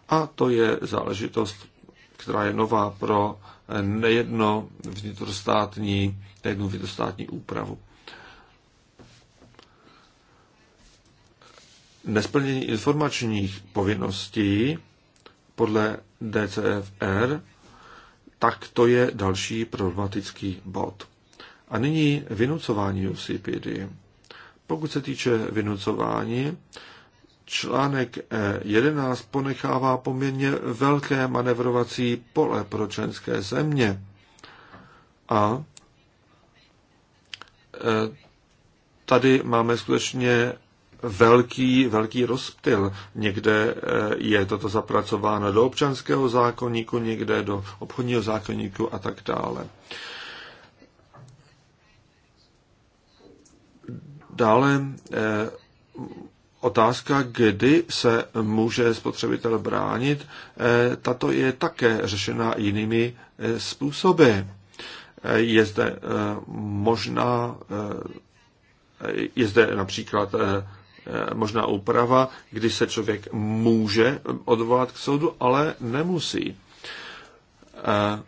A to je záležitost, která je nová pro nejedno vnitrostátní, nejednu vnitrostátní úpravu. Nesplnění informačních povinností podle DCFR, tak to je další problematický bod. A nyní vynucování UCPD. Pokud se týče vynucování, článek 11 e ponechává poměrně velké manevrovací pole pro členské země. A e, tady máme skutečně velký, velký rozptyl. Někde eh, je toto zapracováno do občanského zákonníku, někde do obchodního zákonníku a tak dále. Dále eh, otázka, kdy se může spotřebitel bránit, eh, tato je také řešena jinými způsoby. Je zde možná, je zde například Eh, možná úprava, kdy se člověk může odvolat k soudu, ale nemusí. Eh,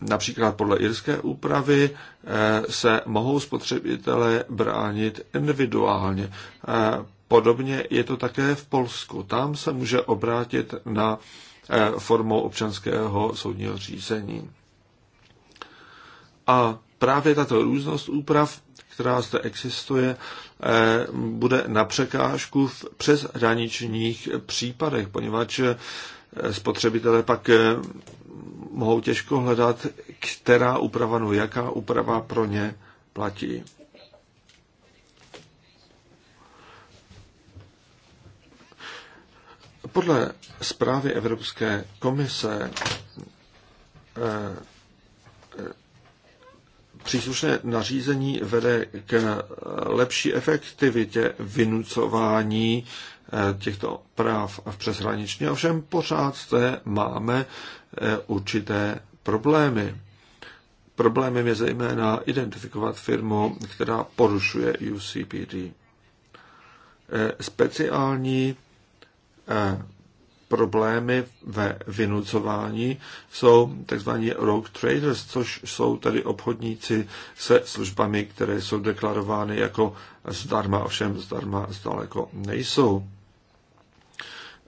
například podle irské úpravy eh, se mohou spotřebitelé bránit individuálně. Podobně je to také v Polsku. Tam se může obrátit na formou občanského soudního řízení. A právě tato různost úprav která zde existuje, eh, bude na překážku v přeshraničních případech, poněvadž eh, spotřebitelé pak eh, mohou těžko hledat, která úprava no jaká úprava pro ně platí. Podle zprávy Evropské komise Příslušné nařízení vede k lepší efektivitě vynucování eh, těchto práv v přeshraničně, ovšem pořád zde máme eh, určité problémy. Problémem je zejména identifikovat firmu, která porušuje UCPD. Eh, speciální problémy ve vynucování jsou tzv. rogue traders, což jsou tedy obchodníci se službami, které jsou deklarovány jako zdarma, ovšem zdarma zdaleko nejsou.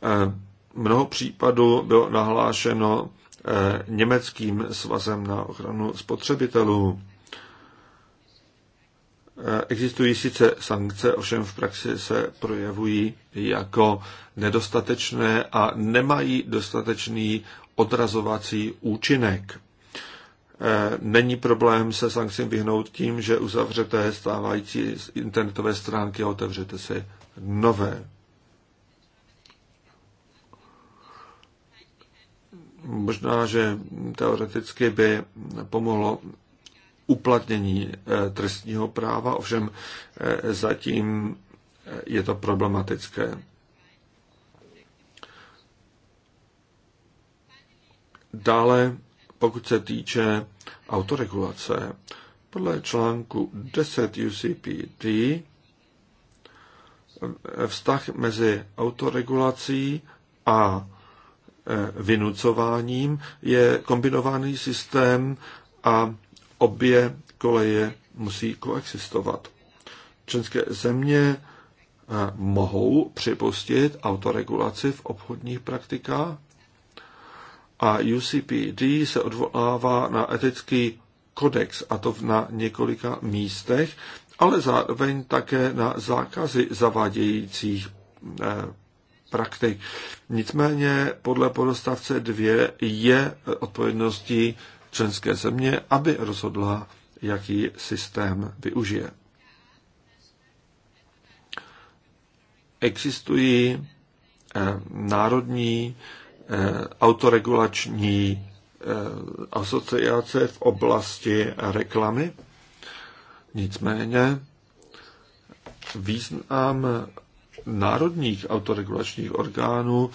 Eh, mnoho případů bylo nahlášeno eh, německým svazem na ochranu spotřebitelů. Eh, existují sice sankce, ovšem v praxi se projevují jako nedostatečné a nemají dostatečný odrazovací účinek. Eh, není problém se sankcím vyhnout tím, že uzavřete stávající internetové stránky a otevřete si nové. Možná, že teoreticky by pomohlo uplatnění eh, trestního práva, ovšem eh, zatím eh, je to problematické. Dále, pokud se týče autoregulace, podle článku 10 UCPD vztah mezi autoregulací a vynucováním je kombinovaný systém a obě koleje musí koexistovat. Členské země eh, mohou připustit autoregulaci v obchodních praktikách a UCPD se odvolává na etický kodex, a to na několika místech, ale zároveň také na zákazy zavádějících eh, praktik. Nicméně podle podostavce 2 je odpovědností členské země, aby rozhodla, jaký systém využije. Existují eh, národní eh, autoregulační eh, asociace v oblasti reklamy. Nicméně význam národních autoregulačních orgánů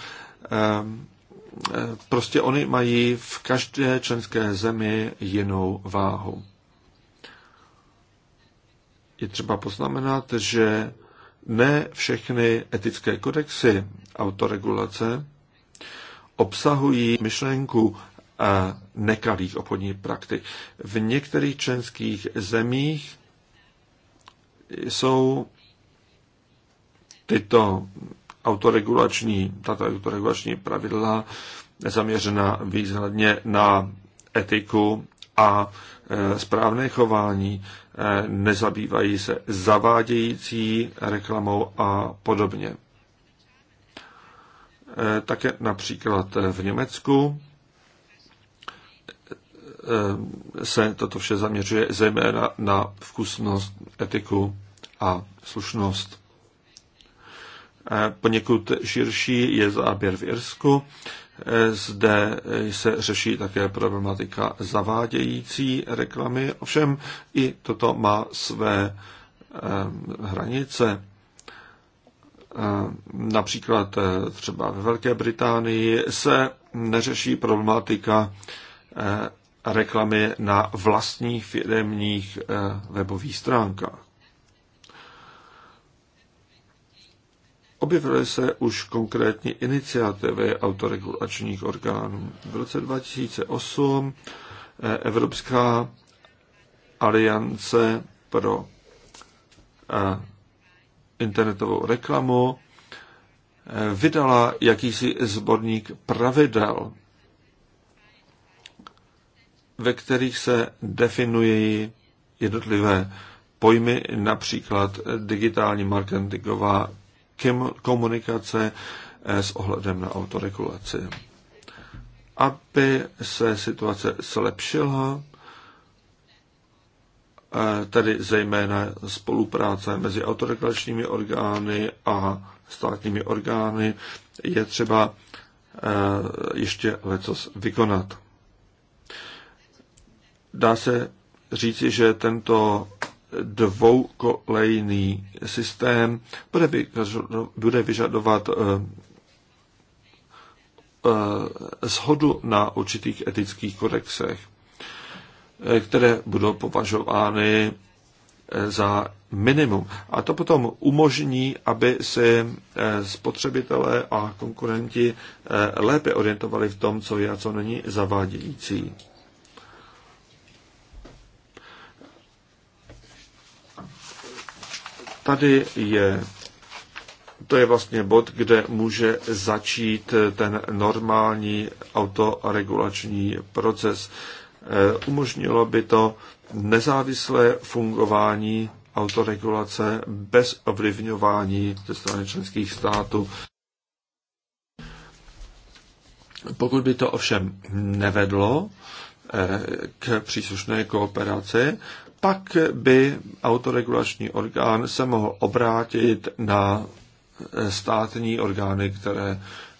prostě oni mají v každé členské zemi jinou váhu. Je třeba poznamenat, že ne všechny etické kodexy autoregulace obsahují myšlenku eh, nekalých obchodních praktik. V některých členských zemích jsou tyto autoregulační, tato autoregulační pravidla zaměřena výhradně na etiku a e, správné chování, e, nezabývají se zavádějící reklamou a podobně. E, také například v Německu se toto vše zaměřuje zejména na vkusnost, etiku a slušnost. Poněkud širší je záběr v Irsku. Zde se řeší také problematika zavádějící reklamy, ovšem i toto má své hranice. Například eh, třeba ve Velké Británii se neřeší problematika eh, reklamy na vlastních firmních eh, webových stránkách. Objevily se už konkrétní iniciativy autoregulačních orgánů. V roce 2008 eh, Evropská aliance pro eh, internetovou reklamu eh, vydala jakýsi zborník pravidel, ve kterých se definují jednotlivé pojmy, například digitální marketingová komunikace eh, s ohledem na autoregulaci. Aby se situace zlepšila, eh, tedy zejména spolupráce mezi autoregulačními orgány a státními orgány, je třeba eh, ještě lecos vykonat. Dá se říci, že tento dvoukolejný systém bude vyžadovat eh, eh, shodu na určitých etických kodexech, eh, které budou považovány za minimum. A to potom umožní, aby si spotřebitelé a konkurenti lépe orientovali v tom, co je a co není zavádějící. tady je, to je vlastně bod, kde může začít ten normální autoregulační proces. Eh, umožnilo by to nezávislé fungování autoregulace bez ovlivňování ze strany členských států. Pokud by to ovšem nevedlo eh, k příslušné kooperaci, pak by autoregulační orgán se mohl obrátit na eh, státní orgány, které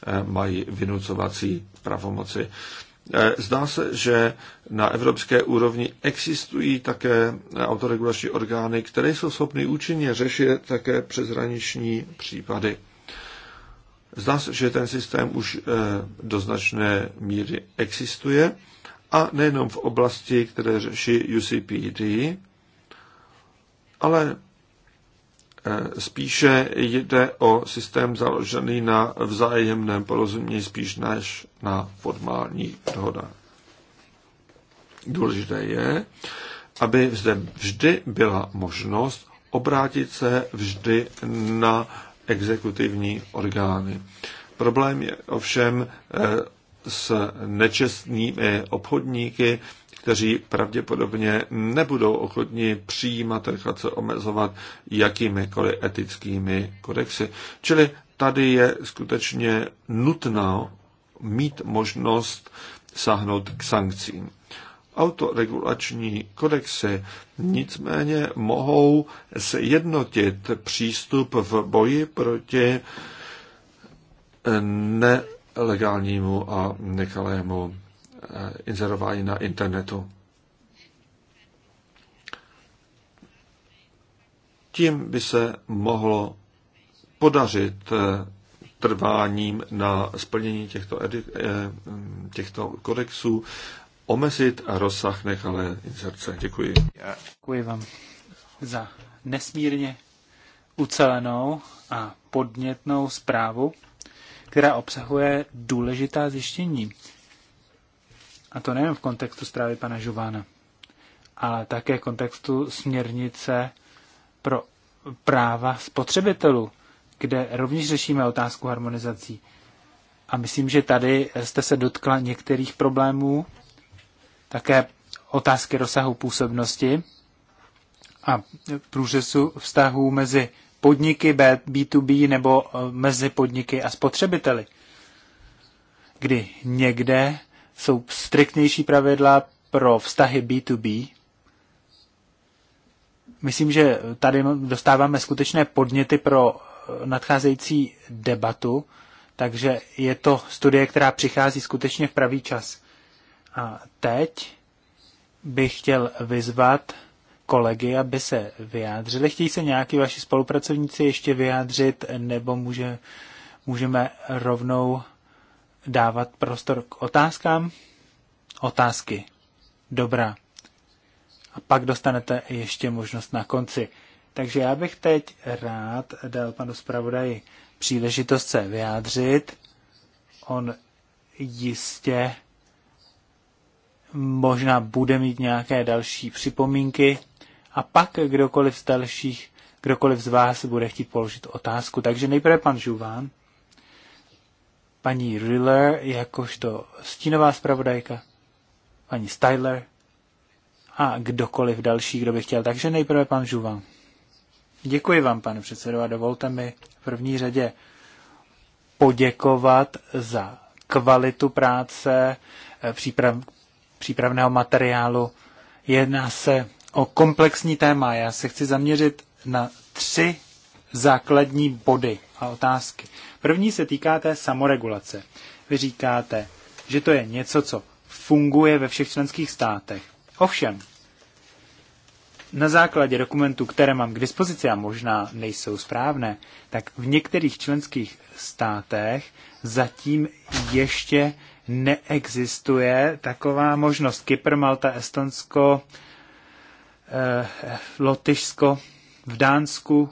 eh, mají vynucovací pravomoci. Eh, zdá se, že na evropské úrovni existují také autoregulační orgány, které jsou schopny účinně řešit také přeshraniční případy. Zdá se, že ten systém už do značné míry existuje a nejenom v oblasti, které řeší UCPD, ale eh, spíše jde o systém založený na vzájemném porozumění spíš než na formální dohoda. Důležité je, aby zde vždy byla možnost obrátit se vždy na exekutivní orgány. Problém je ovšem eh, s nečestnými obchodníky, kteří pravděpodobně nebudou ochotni přijímat, nechat se omezovat jakýmikoliv etickými kodexy. Čili tady je skutečně nutno mít možnost sáhnout k sankcím. Autoregulační kodexy nicméně mohou sjednotit přístup v boji proti ne legálnímu a nekalému eh, inzerování na internetu. Tím by se mohlo podařit eh, trváním na splnění těchto, eh, mm, těchto kodexů omezit rozsah nekalé inzerce. Děkuji. Děkuji vám za nesmírně ucelenou a podnětnou zprávu která obsahuje důležitá zjištění. A to nejen v kontextu zprávy pana Žována, ale také v kontextu směrnice pro práva spotřebitelů, kde rovněž řešíme otázku harmonizací. A myslím, že tady jste se dotkla některých problémů, také otázky rozsahu působnosti a průřezu vztahů mezi podniky B2B nebo eh, mezi podniky a spotřebiteli. Kdy někde jsou striktnější pravidla pro vztahy B2B. Myslím, že tady dostáváme skutečné podněty pro eh, nadcházející debatu, takže je to studie, která přichází skutečně v pravý čas. A teď bych chtěl vyzvat kolegy, aby se vyjádřili. Chtějí se nějaký vaši spolupracovníci ještě vyjádřit, nebo může, můžeme rovnou dávat prostor k otázkám? Otázky. Dobrá. A pak dostanete ještě možnost na konci. Takže já bych teď rád dal panu zpravodaji příležitost se vyjádřit. On jistě možná bude mít nějaké další připomínky a pak kdokoliv z dalších, kdokoliv z vás bude chtít položit otázku. Takže nejprve pan Žuván, paní Riller jakožto stínová zpravodajka, paní Styler a kdokoliv další, kdo by chtěl. Takže nejprve pan Žuván. Děkuji vám, pane předsedo, a dovolte mi v první řadě poděkovat za kvalitu práce, eh, příprav, přípravného materiálu. Jedná se o komplexní téma. Já se chci zaměřit na tři základní body a otázky. První se týká té samoregulace. Vy říkáte, že to je něco, co funguje ve všech členských státech. Ovšem, na základě dokumentů, které mám k dispozici a možná nejsou správné, tak v některých členských státech zatím ještě neexistuje taková možnost. Kypr, Malta, Estonsko, Eh, Lotyšsko, v Dánsku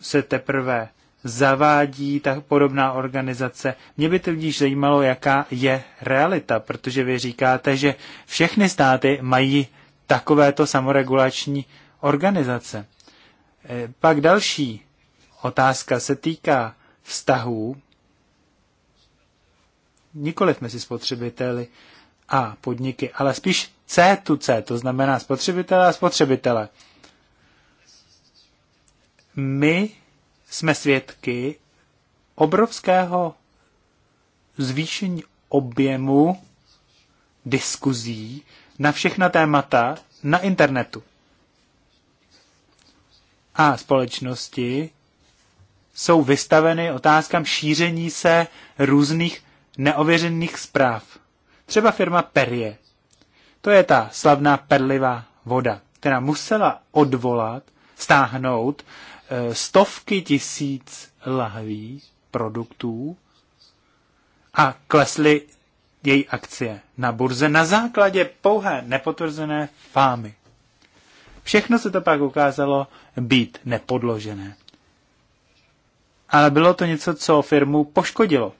se teprve zavádí tak podobná organizace. Mě by tudíž zajímalo, jaká je realita, protože vy říkáte, že všechny státy mají takovéto samoregulační organizace. Eh, pak další otázka se týká vztahů nikoliv mezi spotřebiteli, a podniky, ale spíš C tu C, to znamená spotřebitele a spotřebitele. My jsme svědky obrovského zvýšení objemu diskuzí na všechna témata na internetu. A společnosti jsou vystaveny otázkám šíření se různých neověřených zpráv. Třeba firma Perie. To je ta slavná perlivá voda, která musela odvolat, stáhnout eh, stovky tisíc lahví produktů a klesly její akcie na burze na základě pouhé nepotvrzené fámy. Všechno se to pak ukázalo být nepodložené. Ale bylo to něco, co firmu poškodilo.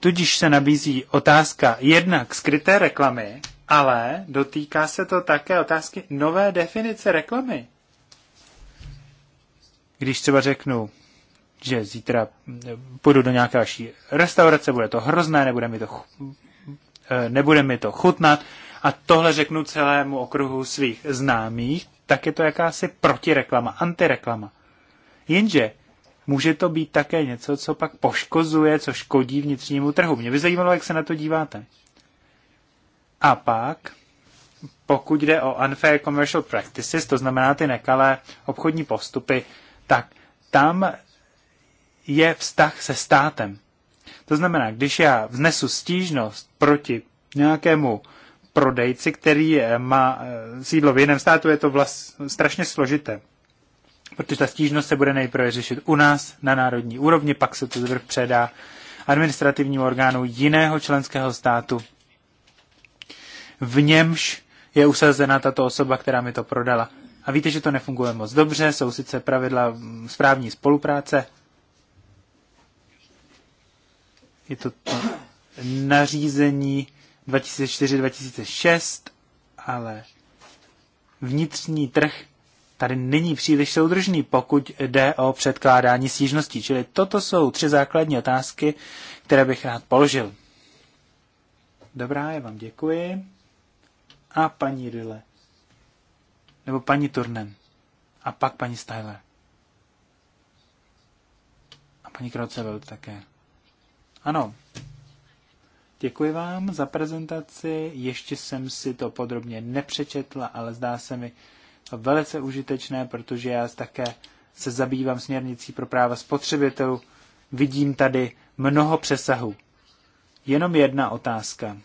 Tudíž se nabízí otázka jednak skryté reklamy, ale dotýká se to také otázky nové definice reklamy. Když třeba řeknu, že zítra eh, půjdu do nějaké vaší restaurace, bude to hrozné, nebude mi to, eh, nebude mi to chutnat a tohle řeknu celému okruhu svých známých, tak je to jakási protireklama, antireklama. Jenže může to být také něco, co pak poškozuje, co škodí vnitřnímu trhu. Mě by zajímalo, jak se na to díváte. A pak, pokud jde o unfair commercial practices, to znamená ty nekalé obchodní postupy, tak tam je vztah se státem. To znamená, když já vznesu stížnost proti nějakému prodejci, který eh, má eh, sídlo v jiném státu, je to vlast strašně složité protože ta stížnost se bude nejprve řešit u nás na národní úrovni, pak se to zvrch předá administrativnímu orgánu jiného členského státu, v němž je usazena tato osoba, která mi to prodala. A víte, že to nefunguje moc dobře, jsou sice pravidla mm, správní spolupráce, je to, to nařízení 2004-2006, ale vnitřní trh tady není příliš soudržný, pokud jde o předkládání stížností. Čili toto jsou tři základní otázky, které bych rád položil. Dobrá, já vám děkuji. A paní Rille. Nebo paní Turnen. A pak paní Styler. A paní Krocevel také. Ano. Děkuji vám za prezentaci. Ještě jsem si to podrobně nepřečetla, ale zdá se mi, velice užitečné, protože já také se zabývám směrnicí pro práva spotřebitelů. Vidím tady mnoho přesahů. Jenom jedna otázka.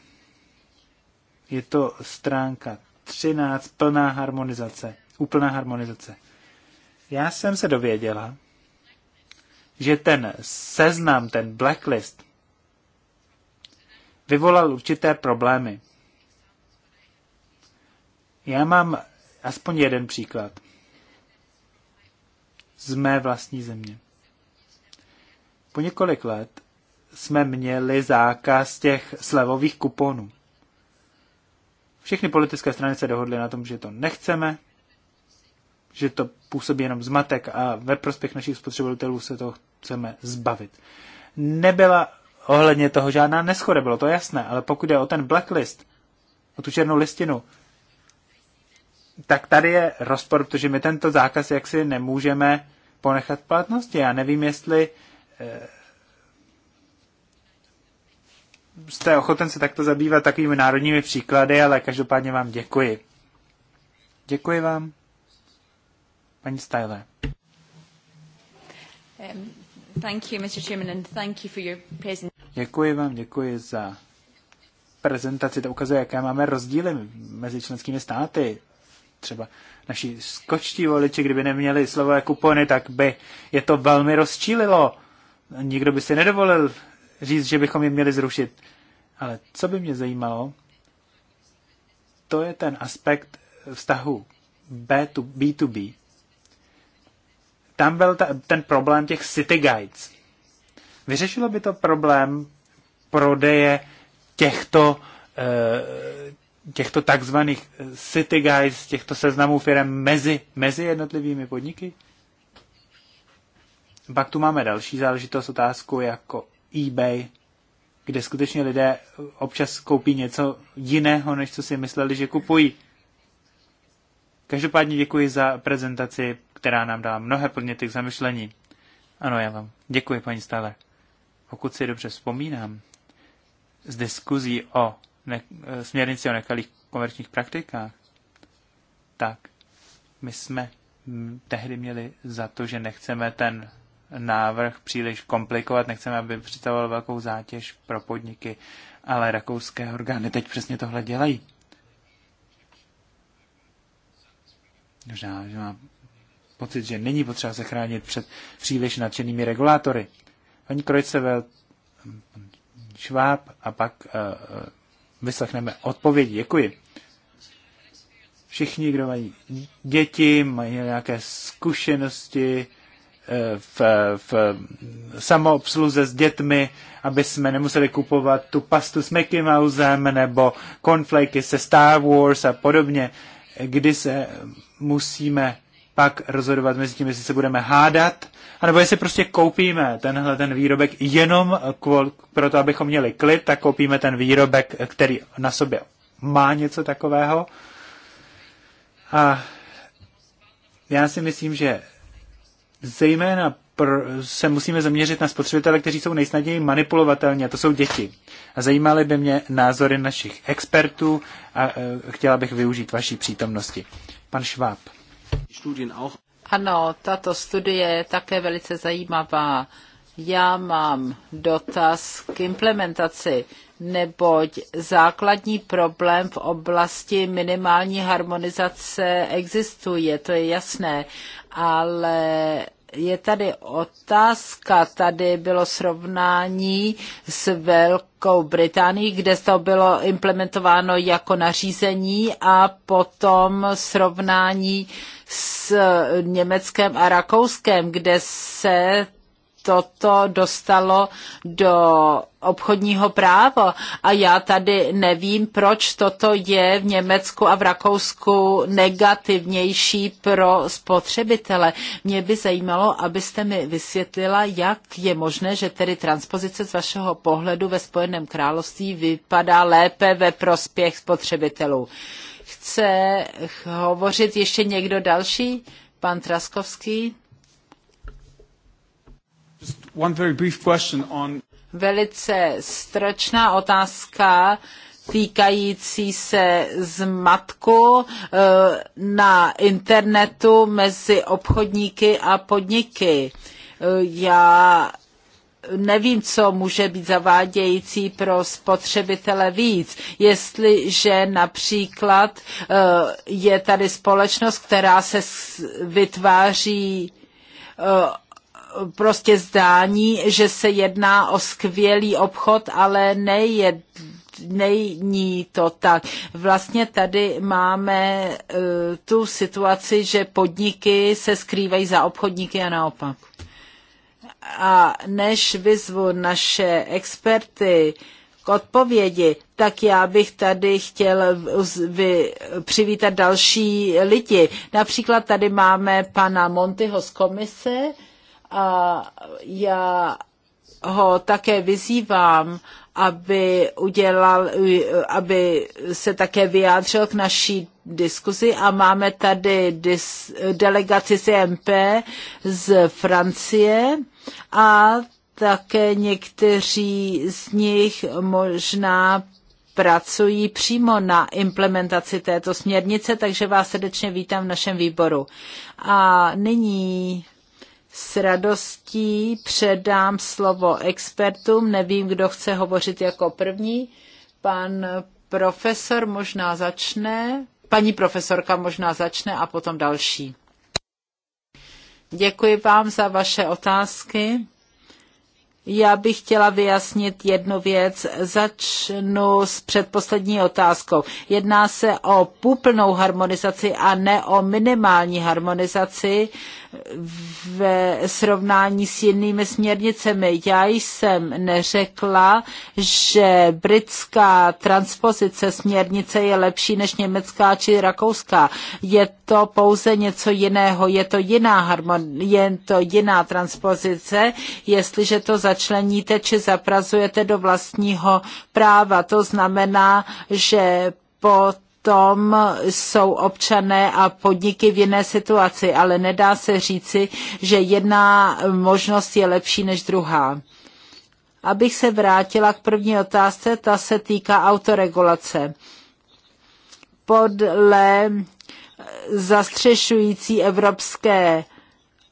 Je to stránka 13, plná harmonizace, úplná harmonizace. Já jsem se dověděla, že ten seznam, ten blacklist, vyvolal určité problémy. Já mám aspoň jeden příklad z mé vlastní země. Po několik let jsme měli zákaz těch slevových kuponů. Všechny politické strany se dohodly na tom, že to nechceme, že to působí jenom zmatek a ve prospěch našich spotřebitelů se toho chceme zbavit. Nebyla ohledně toho žádná neschoda, bylo to jasné, ale pokud je o ten blacklist, o tu černou listinu, tak tady je rozpor, protože my tento zákaz jaksi nemůžeme ponechat v platnosti. Já nevím, jestli eh, jste ochoten se takto zabývat takovými národními příklady, ale každopádně vám děkuji. Děkuji vám. Paní Stajle. Um, thank you, Mr. Chairman, and thank you for your děkuji vám, děkuji za prezentaci. To ukazuje, jaké máme rozdíly mezi členskými státy třeba naši skočtí voliči, kdyby neměli slové jako kupony, tak by je to velmi rozčílilo. Nikdo by si nedovolil říct, že bychom je měli zrušit. Ale co by mě zajímalo, to je ten aspekt vztahu b to b B2B. Tam byl ta, ten problém těch city guides. Vyřešilo by to problém prodeje těchto, eh, těchto takzvaných eh, city guys, těchto seznamů firm mezi, mezi jednotlivými podniky? Pak tu máme další záležitost, otázku jako eBay, kde skutečně lidé občas koupí něco jiného, než co si mysleli, že kupují. Každopádně děkuji za prezentaci, která nám dá mnohé podněty k zamyšlení. Ano, já vám děkuji, paní Stále. Pokud si dobře vzpomínám, z diskuzí o ne, eh, směrnici o nekalých komerčních praktikách, tak my jsme tehdy měli za to, že nechceme ten návrh příliš komplikovat, nechceme, aby představoval velkou zátěž pro podniky, ale rakouské orgány teď přesně tohle dělají. Možná, že mám pocit, že není potřeba se chránit před příliš nadšenými regulátory. Paní Krojcevel, Šváb a pak uh, vyslechneme odpovědi. Děkuji. Všichni, kdo mají děti, mají nějaké zkušenosti eh, v, v samoobsluze s dětmi, aby jsme nemuseli kupovat tu pastu s Mickey Mousem nebo konflikty se Star Wars a podobně, kdy se musíme pak rozhodovat mezi tím, jestli se budeme hádat, anebo jestli prostě koupíme tenhle ten výrobek jenom kvůli, proto, abychom měli klid, tak koupíme ten výrobek, který na sobě má něco takového. A já si myslím, že zejména pro, se musíme zaměřit na spotřebitele, kteří jsou nejsnadněji manipulovatelní, a to jsou děti. A zajímaly by mě názory našich expertů a a e, chtěla bych využít vaší přítomnosti. Pan Šváb. Ano, tato studie je také velice zajímavá. Já mám dotaz k implementaci, neboť základní problém v oblasti minimální harmonizace existuje, to je jasné, ale je tady otázka, tady bylo srovnání s Velkou Británií, kde to bylo implementováno jako nařízení a potom srovnání s Německem a Rakouskem, kde se toto dostalo do obchodního práva a já tady nevím, proč toto je v Německu a v Rakousku negativnější pro spotřebitele. Mě by zajímalo, abyste mi vysvětlila, jak je možné, že tedy transpozice z vašeho pohledu ve Spojeném království vypadá lépe ve prospěch spotřebitelů. Chce hovořit ještě někdo další? Pan Traskovský? One very brief question on... Velice stračná otázka týkající se zmatku eh, na internetu mezi obchodníky a podniky. Eh, já nevím, co může být zavádějící pro spotřebitele víc. Jestliže například eh, je tady společnost, která se vytváří prostě zdání, že se jedná o skvělý obchod, ale nejed, není to tak. Vlastně tady máme eh, tu situaci, že podniky se skrývají za obchodníky a naopak. A než vyzvu naše experty, k odpovědi, tak já bych tady chtěl vy, přivítat další lidi. Například tady máme pana Montyho z komise, a já ho také vyzývám, aby, udělal, aby se také vyjádřil k naší diskuzi a máme tady dis, delegaci CMP e z Francie a také někteří z nich možná pracují přímo na implementaci této směrnice, takže vás srdečně vítám v našem výboru. A nyní s radostí předám slovo expertům. Nevím, kdo chce hovořit jako první. Pan profesor možná začne, paní profesorka možná začne a potom další. Děkuji vám za vaše otázky. Já bych chtěla vyjasnit jednu věc. Začnu s předposlední otázkou. Jedná se o půplnou harmonizaci a ne o minimální harmonizaci ve srovnání s jinými směrnicemi. Já jsem neřekla, že britská transpozice směrnice je lepší než německá či rakouská. Je to pouze něco jiného, je to jiná, harmon, je to jiná transpozice, jestliže to začleníte či zaprazujete do vlastního práva. To znamená, že po tom jsou občané a podniky v jiné situaci, ale nedá se říci, že jedna možnost je lepší než druhá. Abych se vrátila k první otázce, ta se týká autoregulace. Podle zastřešující evropské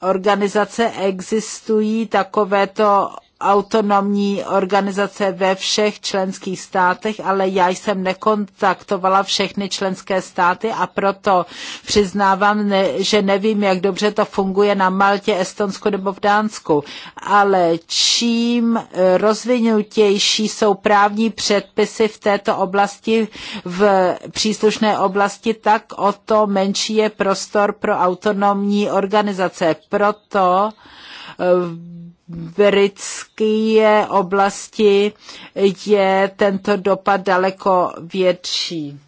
organizace existují takovéto autonomní organizace ve všech členských státech, ale já jsem nekontaktovala všechny členské státy a proto přiznávám, že nevím, jak dobře to funguje na Maltě, Estonsku nebo v Dánsku. Ale čím rozvinutější jsou právní předpisy v této oblasti, v příslušné oblasti, tak o to menší je prostor pro autonomní organizace. Proto eh, britské oblasti je tento dopad daleko větší.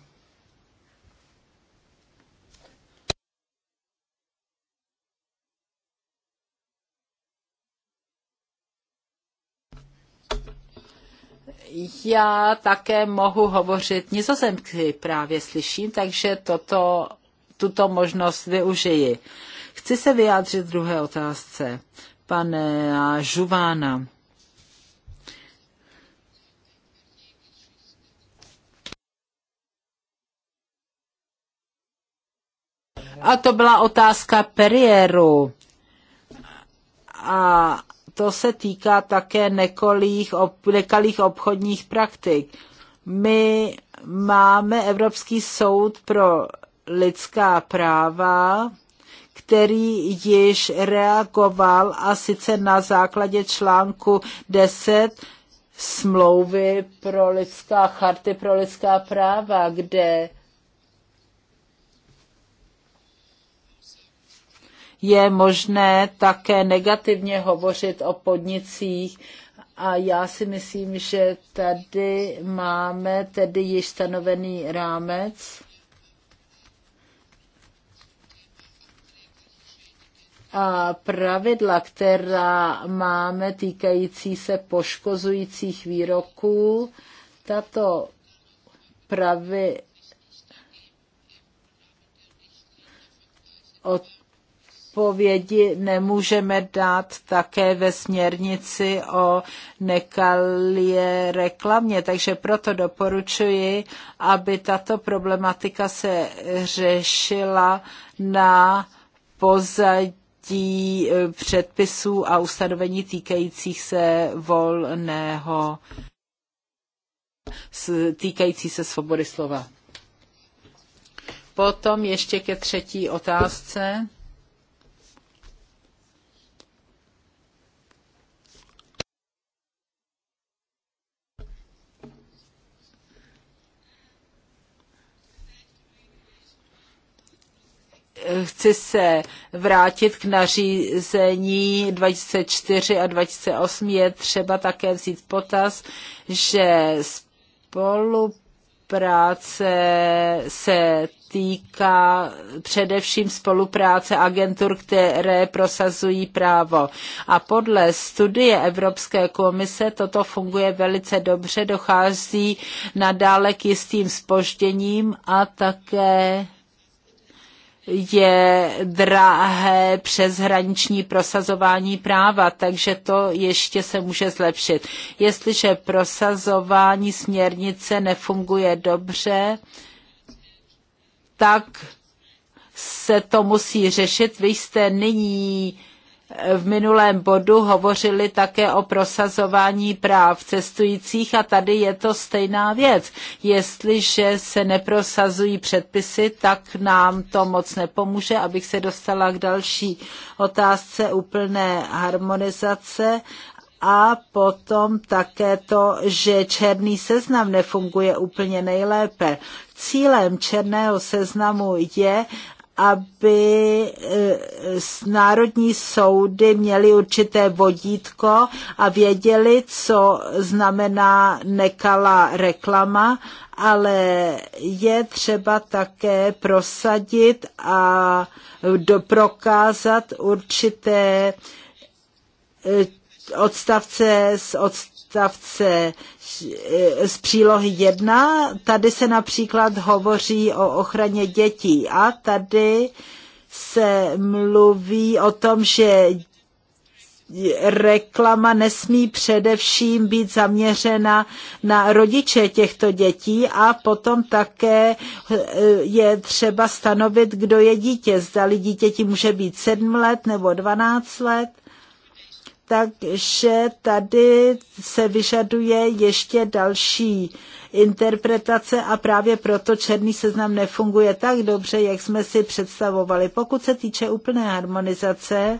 já také mohu hovořit nizozemsky, právě slyším, takže toto, tuto možnost využiji. Chci se vyjádřit druhé otázce. Žuvána. A to byla otázka Perieru. A to se týká také nekolých, ob, nekalých obchodních praktik. My máme Evropský soud pro lidská práva který již reagoval a sice na základě článku 10 smlouvy pro lidská, charty pro lidská práva, kde je možné také negativně hovořit o podnicích a já si myslím, že tady máme tedy již stanovený rámec. pravidla, která máme týkající se poškozujících výroků, tato pravy odpovědi nemůžeme dát také ve směrnici o nekalé reklamě. Takže proto doporučuji, aby tato problematika se řešila na pozadí přijetí eh, předpisů a ustanovení týkajících se volného, týkající se svobody slova. Potom ještě ke třetí otázce. chci se vrátit k nařízení 24 a 28. Je třeba také vzít potaz, že spolupráce se týká především spolupráce agentur, které prosazují právo. A podle studie Evropské komise toto funguje velice dobře, dochází nadále k jistým spožděním a také je drahé přeshraniční prosazování práva, takže to ještě se může zlepšit. Jestliže prosazování směrnice nefunguje dobře, tak se to musí řešit. Vy jste nyní v minulém bodu hovořili také o prosazování práv cestujících a tady je to stejná věc. Jestliže se neprosazují předpisy, tak nám to moc nepomůže, abych se dostala k další otázce úplné harmonizace a potom také to, že černý seznam nefunguje úplně nejlépe. Cílem černého seznamu je, aby e, národní soudy měli určité vodítko a věděli, co znamená nekalá reklama, ale je třeba také prosadit a doprokázat určité e, odstavce z odst- odstavce eh, z přílohy 1. Tady se například hovoří o ochraně dětí a tady se mluví o tom, že reklama nesmí především být zaměřena na rodiče těchto dětí a potom také eh, je třeba stanovit, kdo je dítě. Zdali dítěti může být 7 let nebo 12 let takže tady se vyžaduje ještě další interpretace a právě proto černý seznam nefunguje tak dobře, jak jsme si představovali. Pokud se týče úplné harmonizace,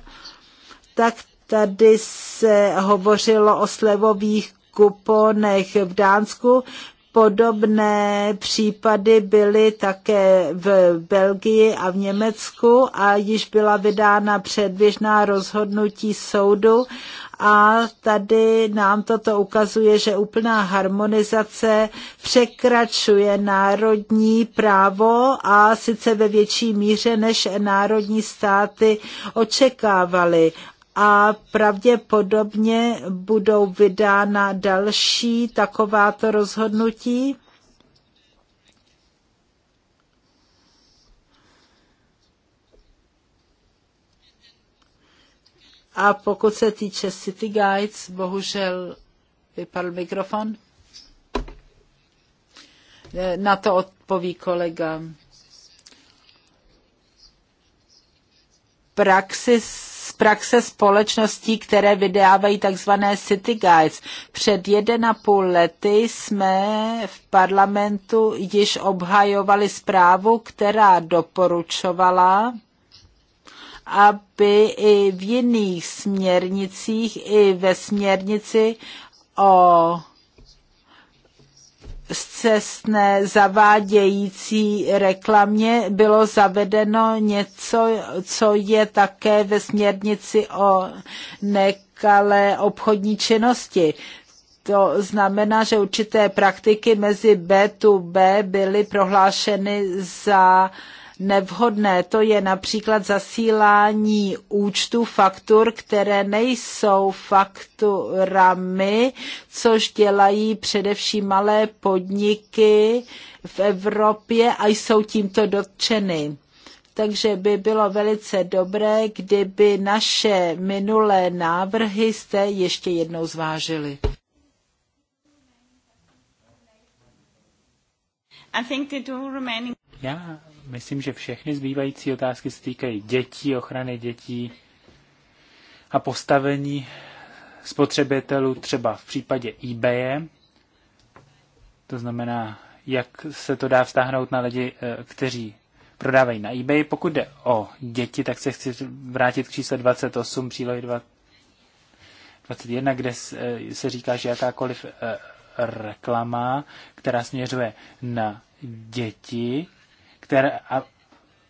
tak tady se hovořilo o slevových kuponech v Dánsku. Podobné případy byly také v Belgii a v Německu a již byla vydána předběžná rozhodnutí soudu a tady nám toto ukazuje, že úplná harmonizace překračuje národní právo a sice ve větší míře, než národní státy očekávaly a pravděpodobně budou vydána další takováto rozhodnutí. A pokud se týče City Guides, bohužel vypadl mikrofon. Na to odpoví kolega. Praxis praxe společností, které vydávají takzvané city guides. Před 1,5 lety jsme v parlamentu již obhajovali zprávu, která doporučovala, aby i v jiných směrnicích, i ve směrnici o zcestné zavádějící reklamě bylo zavedeno něco, co je také ve směrnici o nekalé obchodní činnosti. To znamená, že určité praktiky mezi B2B byly prohlášeny za uh, nevhodné. To je například zasílání účtů faktur, které nejsou fakturami, což dělají především malé podniky v Evropě a jsou tímto dotčeny. Takže by bylo velice dobré, kdyby naše minulé návrhy jste ještě jednou zvážili. I think the two remaining... Já myslím, že všechny zbývající otázky se týkají dětí, ochrany dětí a postavení spotřebitelů třeba v případě eBay. To znamená, jak se to dá vztáhnout na lidi, eh, kteří prodávají na eBay. Pokud jde o děti, tak se chci vrátit k čísle 28, přílohy 21, kde eh, se říká, že jakákoliv eh, reklama, která směřuje na děti, které,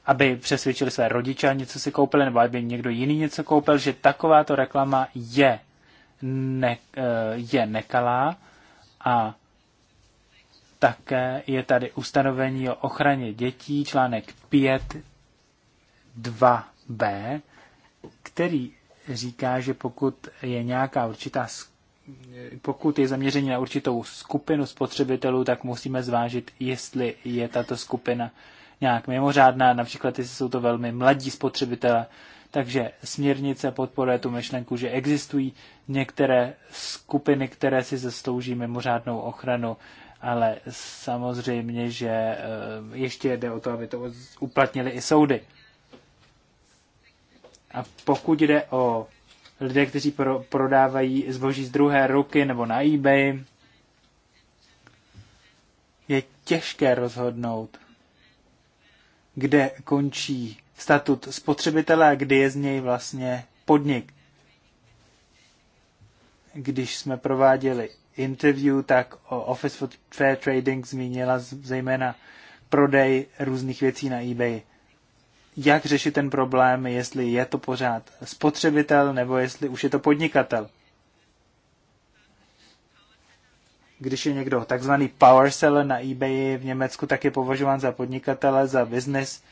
aby přesvědčili své rodiče a něco si koupili, nebo aby někdo jiný něco koupil, že takováto reklama je, ne, eh, je nekalá a také je tady ustanovení o ochraně dětí, článek 5, 2b, který říká, že pokud je nějaká určitá, pokud je zaměření na určitou skupinu spotřebitelů, tak musíme zvážit, jestli je tato skupina uh, nějak mimořádná, například jestli jsou to velmi mladí spotřebitelé. Takže směrnice podporuje tu myšlenku, že existují některé skupiny, které si zastouží mimořádnou ochranu, ale samozřejmě, že e, ještě jde o to, aby to uplatnili i soudy. A pokud jde o lidé, kteří pro, prodávají zboží z druhé ruky nebo na eBay, je těžké rozhodnout, kde končí statut spotřebitele a kdy je z něj vlastně podnik. Když jsme prováděli interview, tak o Office for Fair Trading zmínila zejména prodej různých věcí na eBay. Jak řešit ten problém, jestli je to pořád spotřebitel nebo jestli už je to podnikatel. když je někdo takzvaný power seller na eBay v Německu, tak je považován za podnikatele, za business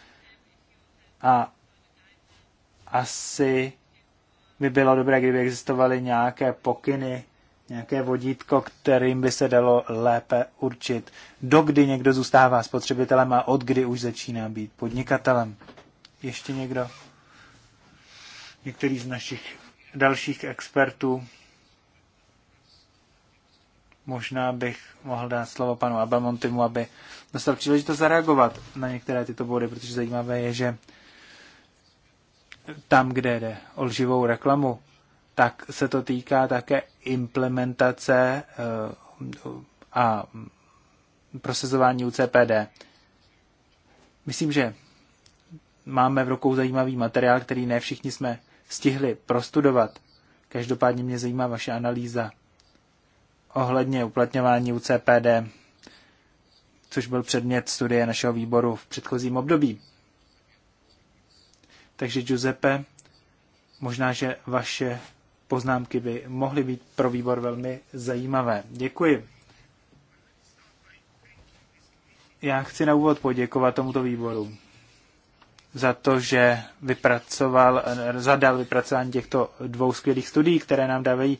a asi by bylo dobré, kdyby existovaly nějaké pokyny, nějaké vodítko, kterým by se dalo lépe určit, dokdy někdo zůstává spotřebitelem a od kdy už začíná být podnikatelem. Ještě někdo? Některý z našich dalších expertů Možná bych mohl dát slovo panu Abamontimu, aby dostal příležitost zareagovat na některé tyto body, protože zajímavé je, že tam, kde jde o lživou reklamu, tak se to týká také implementace eh, a prosazování UCPD. Myslím, že máme v rukou zajímavý materiál, který ne všichni jsme stihli prostudovat. Každopádně mě zajímá vaše analýza ohledně uplatňování UCPD, což byl předmět studie našeho výboru v předchozím období. Takže Giuseppe, možná, že vaše poznámky by mohly být pro výbor velmi zajímavé. Děkuji. Já chci na úvod poděkovat tomuto výboru za to, že vypracoval, eh, zadal vypracování těchto dvou skvělých studií, které nám dávají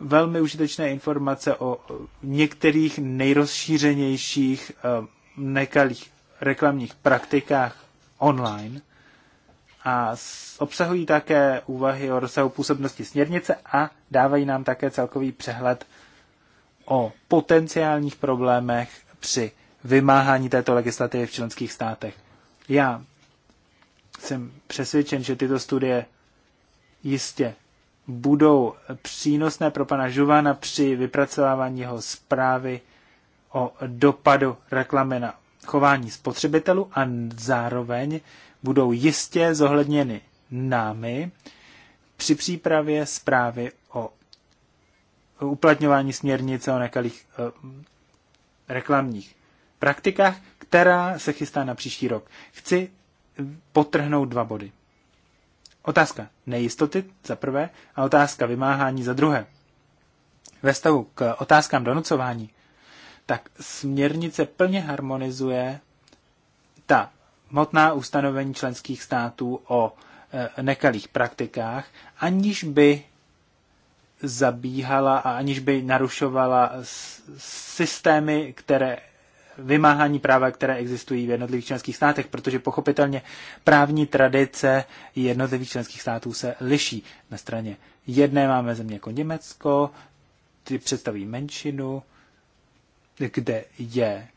velmi užitečné informace o některých nejrozšířenějších eh, nekalých reklamních praktikách online a obsahují také úvahy o rozsahu působnosti směrnice a dávají nám také celkový přehled o potenciálních problémech při vymáhání této legislativy v členských státech. Já jsem přesvědčen, že tyto studie jistě budou přínosné pro pana Žuvana při vypracovávání jeho zprávy o dopadu reklamy na chování spotřebitelů a zároveň budou jistě zohledněny námi při přípravě zprávy o uplatňování směrnice o nekalých e, reklamních praktikách, která se chystá na příští rok. Chci potrhnout dva body. Otázka nejistoty za prvé a otázka vymáhání za druhé. Ve stavu k otázkám donucování, tak směrnice plně harmonizuje ta motná ustanovení členských států o e, nekalých praktikách, aniž by zabíhala a aniž by narušovala systémy, které vymáhání práva, které existují v jednotlivých členských státech, protože pochopitelně právní tradice jednotlivých členských států se liší. Na straně jedné máme země jako Německo, ty představují menšinu, kde je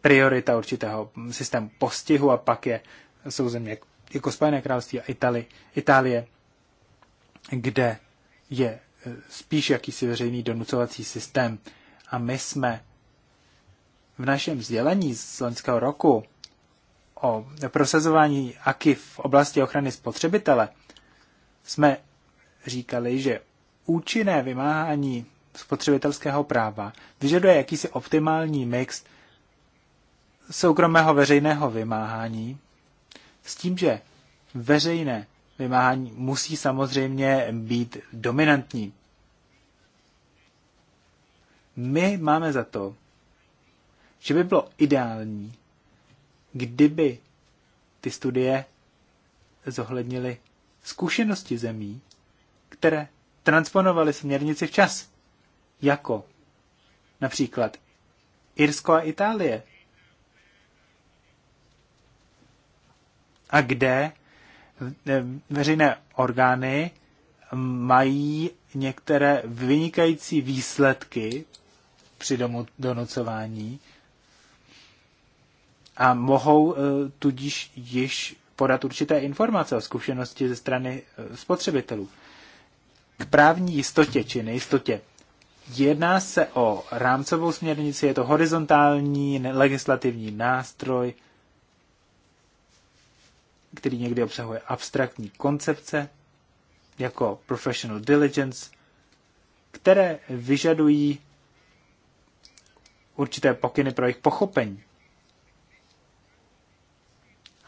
priorita určitého systému postihu a pak je, jsou země jako Spojené království a Itali, Itálie, kde je eh, spíš jakýsi veřejný donucovací systém. A my jsme v našem vzdělení z loňského roku o prosazování AKI v oblasti ochrany spotřebitele jsme říkali, že účinné vymáhání spotřebitelského práva vyžaduje jakýsi optimální mix soukromého veřejného vymáhání s tím, že veřejné vymáhání musí samozřejmě být dominantní. My máme za to, že by bylo ideální, kdyby ty studie zohlednily zkušenosti zemí, které transponovaly směrnici včas, jako například Irsko a Itálie. A kde eh, veřejné orgány mají některé vynikající výsledky při donucování a mohou eh, tudíž již podat určité informace o zkušenosti ze strany eh, spotřebitelů. K právní jistotě či nejistotě. Jedná se o rámcovou směrnici, je to horizontální legislativní nástroj, který někdy obsahuje abstraktní koncepce, jako professional diligence, které vyžadují určité pokyny pro jejich pochopení.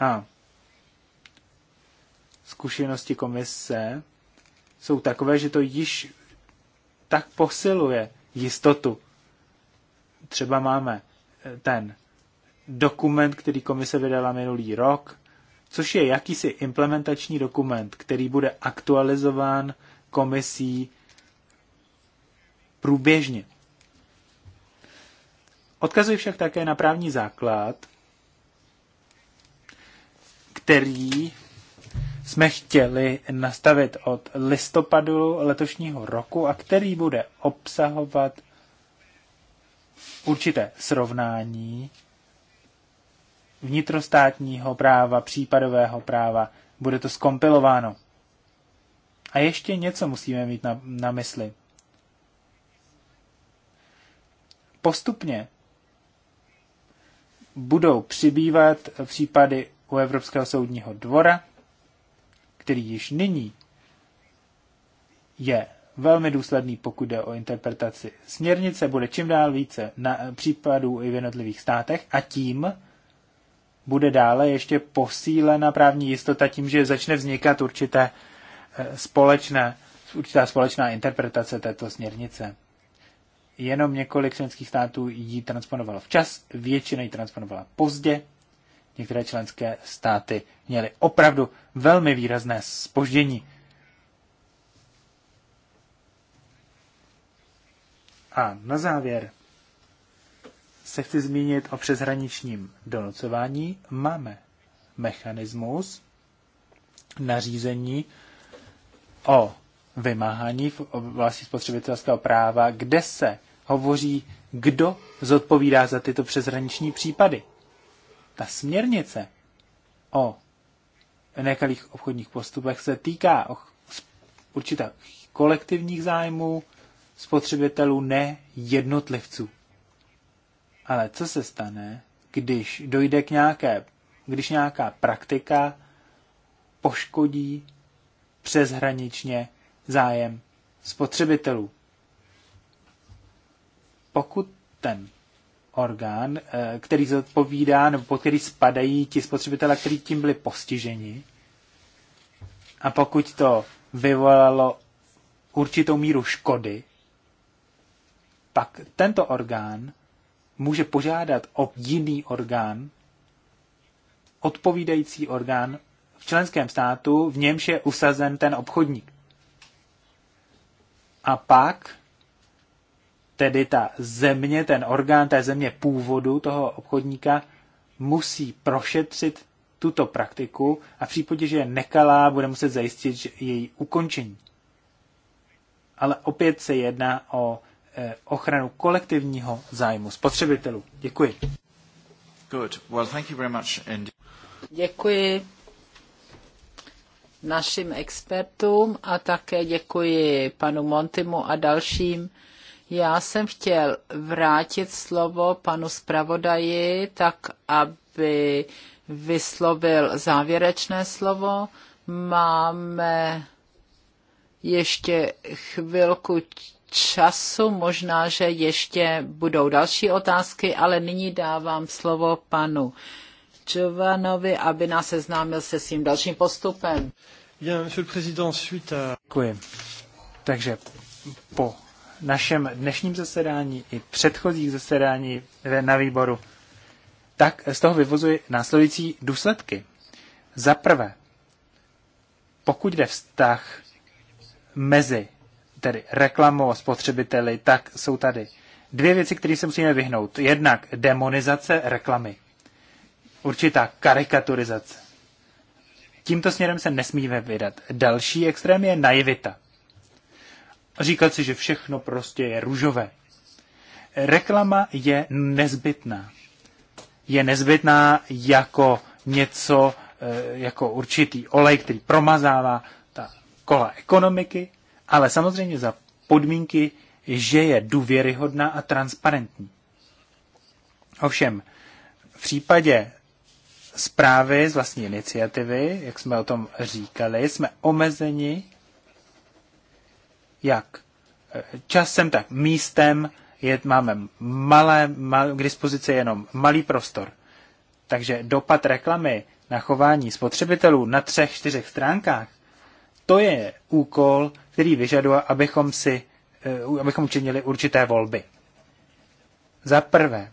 A zkušenosti komise jsou takové, že to již tak posiluje jistotu. Třeba máme eh, ten dokument, který komise vydala minulý rok, což je jakýsi implementační dokument, který bude aktualizován komisí průběžně. Odkazuji však také na právní základ, který jsme chtěli nastavit od listopadu letošního roku a který bude obsahovat určité srovnání vnitrostátního práva, případového práva. Bude to skompilováno. A ještě něco musíme mít na, na mysli. Postupně budou přibývat případy u Evropského soudního dvora, který již nyní je velmi důsledný, pokud jde o interpretaci směrnice, bude čím dál více na, případů i v jednotlivých státech a tím bude dále ještě posílena právní jistota tím, že začne vznikat určité eh, společné, určitá společná interpretace této směrnice. Jenom několik členských států ji transponovalo včas, většina ji transponovala pozdě, Některé členské státy měly opravdu velmi výrazné spoždění. A na závěr se chci zmínit o přeshraničním donocování. Máme mechanismus nařízení o vymáhání v oblasti spotřebitelského práva, kde se hovoří, kdo zodpovídá za tyto přeshraniční případy. Ta směrnice o nekalých obchodních postupech se týká určitých kolektivních zájmů spotřebitelů, ne jednotlivců. Ale co se stane, když dojde k nějaké, když nějaká praktika poškodí přeshraničně zájem spotřebitelů? Pokud ten orgán, eh, který zodpovídá nebo pod který spadají ti spotřebitelé, kteří tím byli postiženi. A pokud to vyvolalo určitou míru škody, pak tento orgán může požádat o jiný orgán, odpovídající orgán v členském státu, v němž je usazen ten obchodník. A pak tedy ta země, ten orgán té země původu toho obchodníka musí prošetřit tuto praktiku a v případě, že je nekalá, bude muset zajistit její ukončení. Ale opět se jedná o eh, ochranu kolektivního zájmu spotřebitelů. Děkuji. Good. Well, thank you very much Děkuji našim expertům a také děkuji panu Montimu a dalším já jsem chtěl vrátit slovo panu zpravodaji, tak aby vyslovil závěrečné slovo. Máme ještě chvilku času, možná, že ještě budou další otázky, ale nyní dávám slovo panu čovanovi, aby nás seznámil se svým dalším postupem. Bien, monsieur le président, suite à... Děkuji. Takže po našem dnešním zasedání i předchozích zasedání na výboru, tak z toho vyvozuji následující důsledky. Za prvé, pokud jde vztah mezi tedy reklamou a spotřebiteli, tak jsou tady dvě věci, které se musíme vyhnout. Jednak demonizace reklamy. Určitá karikaturizace. Tímto směrem se nesmíme vydat. Další extrém je naivita a říkat si, že všechno prostě je růžové. Reklama je nezbytná. Je nezbytná jako něco, eh, jako určitý olej, který promazává ta kola ekonomiky, ale samozřejmě za podmínky, že je důvěryhodná a transparentní. Ovšem, v případě zprávy z vlastní iniciativy, jak jsme o tom říkali, jsme omezeni jak časem, tak místem. Je, máme malé, mal, k dispozici jenom malý prostor. Takže dopad reklamy na chování spotřebitelů na třech, čtyřech stránkách, to je úkol, který vyžaduje, abychom si, eh, abychom činili určité volby. Za prvé,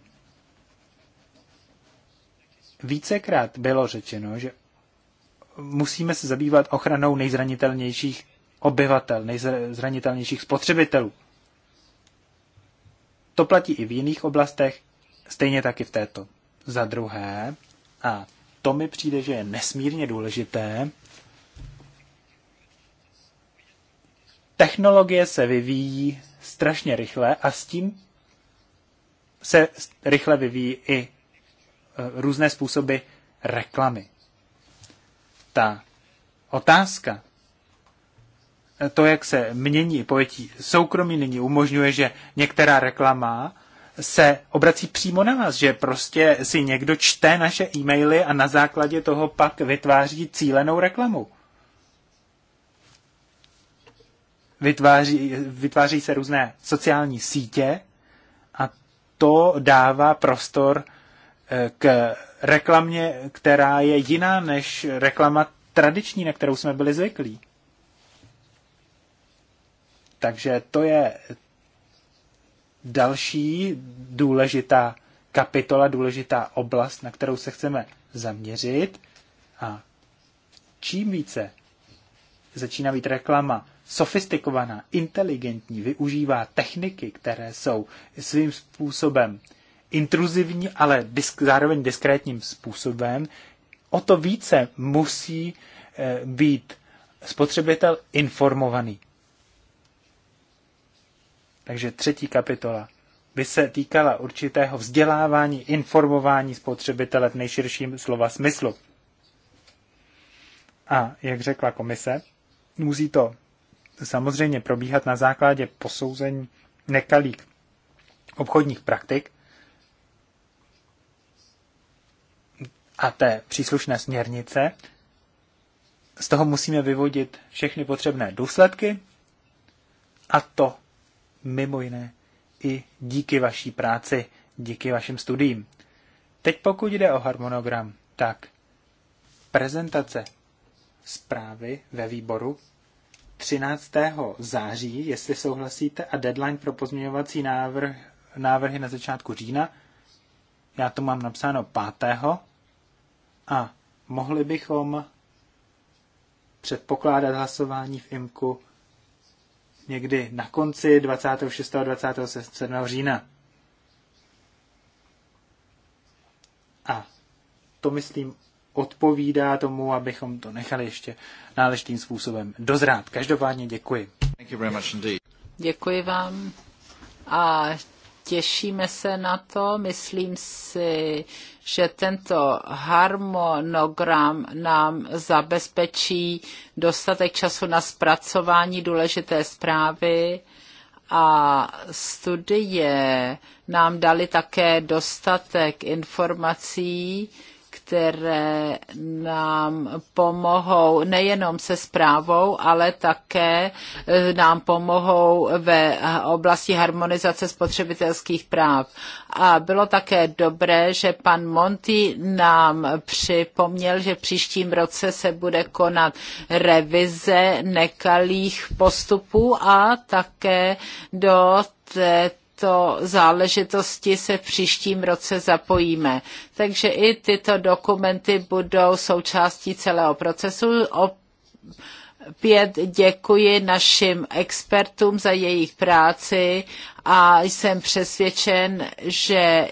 vícekrát bylo řečeno, že musíme se zabývat ochranou nejzranitelnějších obyvatel, nejzranitelnějších spotřebitelů. To platí i v jiných oblastech, stejně tak i v této. Za druhé, a to mi přijde, že je nesmírně důležité, technologie se vyvíjí strašně rychle a s tím se rychle vyvíjí i e, různé způsoby reklamy. Ta otázka to, jak se mění pojetí soukromí, nyní umožňuje, že některá reklama se obrací přímo na nás, že prostě si někdo čte naše e-maily a na základě toho pak vytváří cílenou reklamu. Vytváří, vytváří se různé sociální sítě a to dává prostor eh, k reklamě, která je jiná než reklama tradiční, na kterou jsme byli zvyklí. Takže to je další důležitá kapitola, důležitá oblast, na kterou se chceme zaměřit. A čím více začíná být reklama sofistikovaná, inteligentní, využívá techniky, které jsou svým způsobem intruzivní, ale disk, zároveň diskrétním způsobem, o to více musí eh, být spotřebitel informovaný. Takže třetí kapitola by se týkala určitého vzdělávání, informování spotřebitele v nejširším slova smyslu. A jak řekla komise, musí to samozřejmě probíhat na základě posouzení nekalých obchodních praktik a té příslušné směrnice. Z toho musíme vyvodit všechny potřebné důsledky a to mimo jiné i díky vaší práci, díky vašim studiím. Teď pokud jde o harmonogram, tak prezentace zprávy ve výboru 13. září, jestli souhlasíte, a deadline pro pozměňovací návrh, návrhy na začátku října. Já to mám napsáno 5. A mohli bychom předpokládat hlasování v IMKU někdy na konci 26. a 27. října. A to, myslím, odpovídá tomu, abychom to nechali ještě náležitým způsobem dozrát. Každopádně děkuji. Děkuji vám. A těšíme se na to. Myslím si, že tento harmonogram nám zabezpečí dostatek času na zpracování důležité zprávy a studie nám dali také dostatek informací, které nám pomohou nejenom se zprávou, ale také eh, nám pomohou ve oblasti harmonizace spotřebitelských práv. A bylo také dobré, že pan Monti nám připomněl, že v příštím roce se bude konat revize nekalých postupů a také do této této záležitosti se v příštím roce zapojíme. Takže i tyto dokumenty budou součástí celého procesu. Opět děkuji našim expertům za jejich práci a jsem přesvědčen, že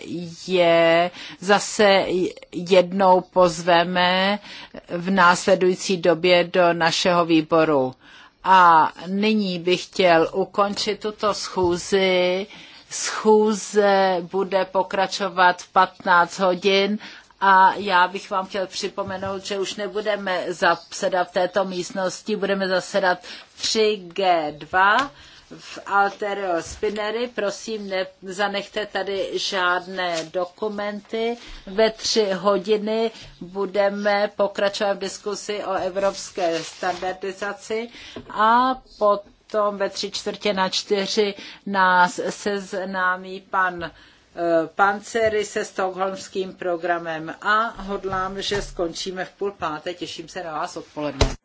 je zase jednou pozveme v následující době do našeho výboru. A nyní bych chtěl ukončit tuto schůzi Schůze bude pokračovat v 15 hodin a já bych vám chtěl připomenout, že už nebudeme zasedat v této místnosti, budeme zasedat 3G2 v Alterio Spinery. Prosím, nezanechte tady žádné dokumenty. Ve tři hodiny budeme pokračovat v diskusi o evropské standardizaci a potom potom ve tři čtvrtě na čtyři nás seznámí pan eh, Pancery se stokholmským programem a hodlám, že skončíme v půl páté. Těším se na vás odpoledne.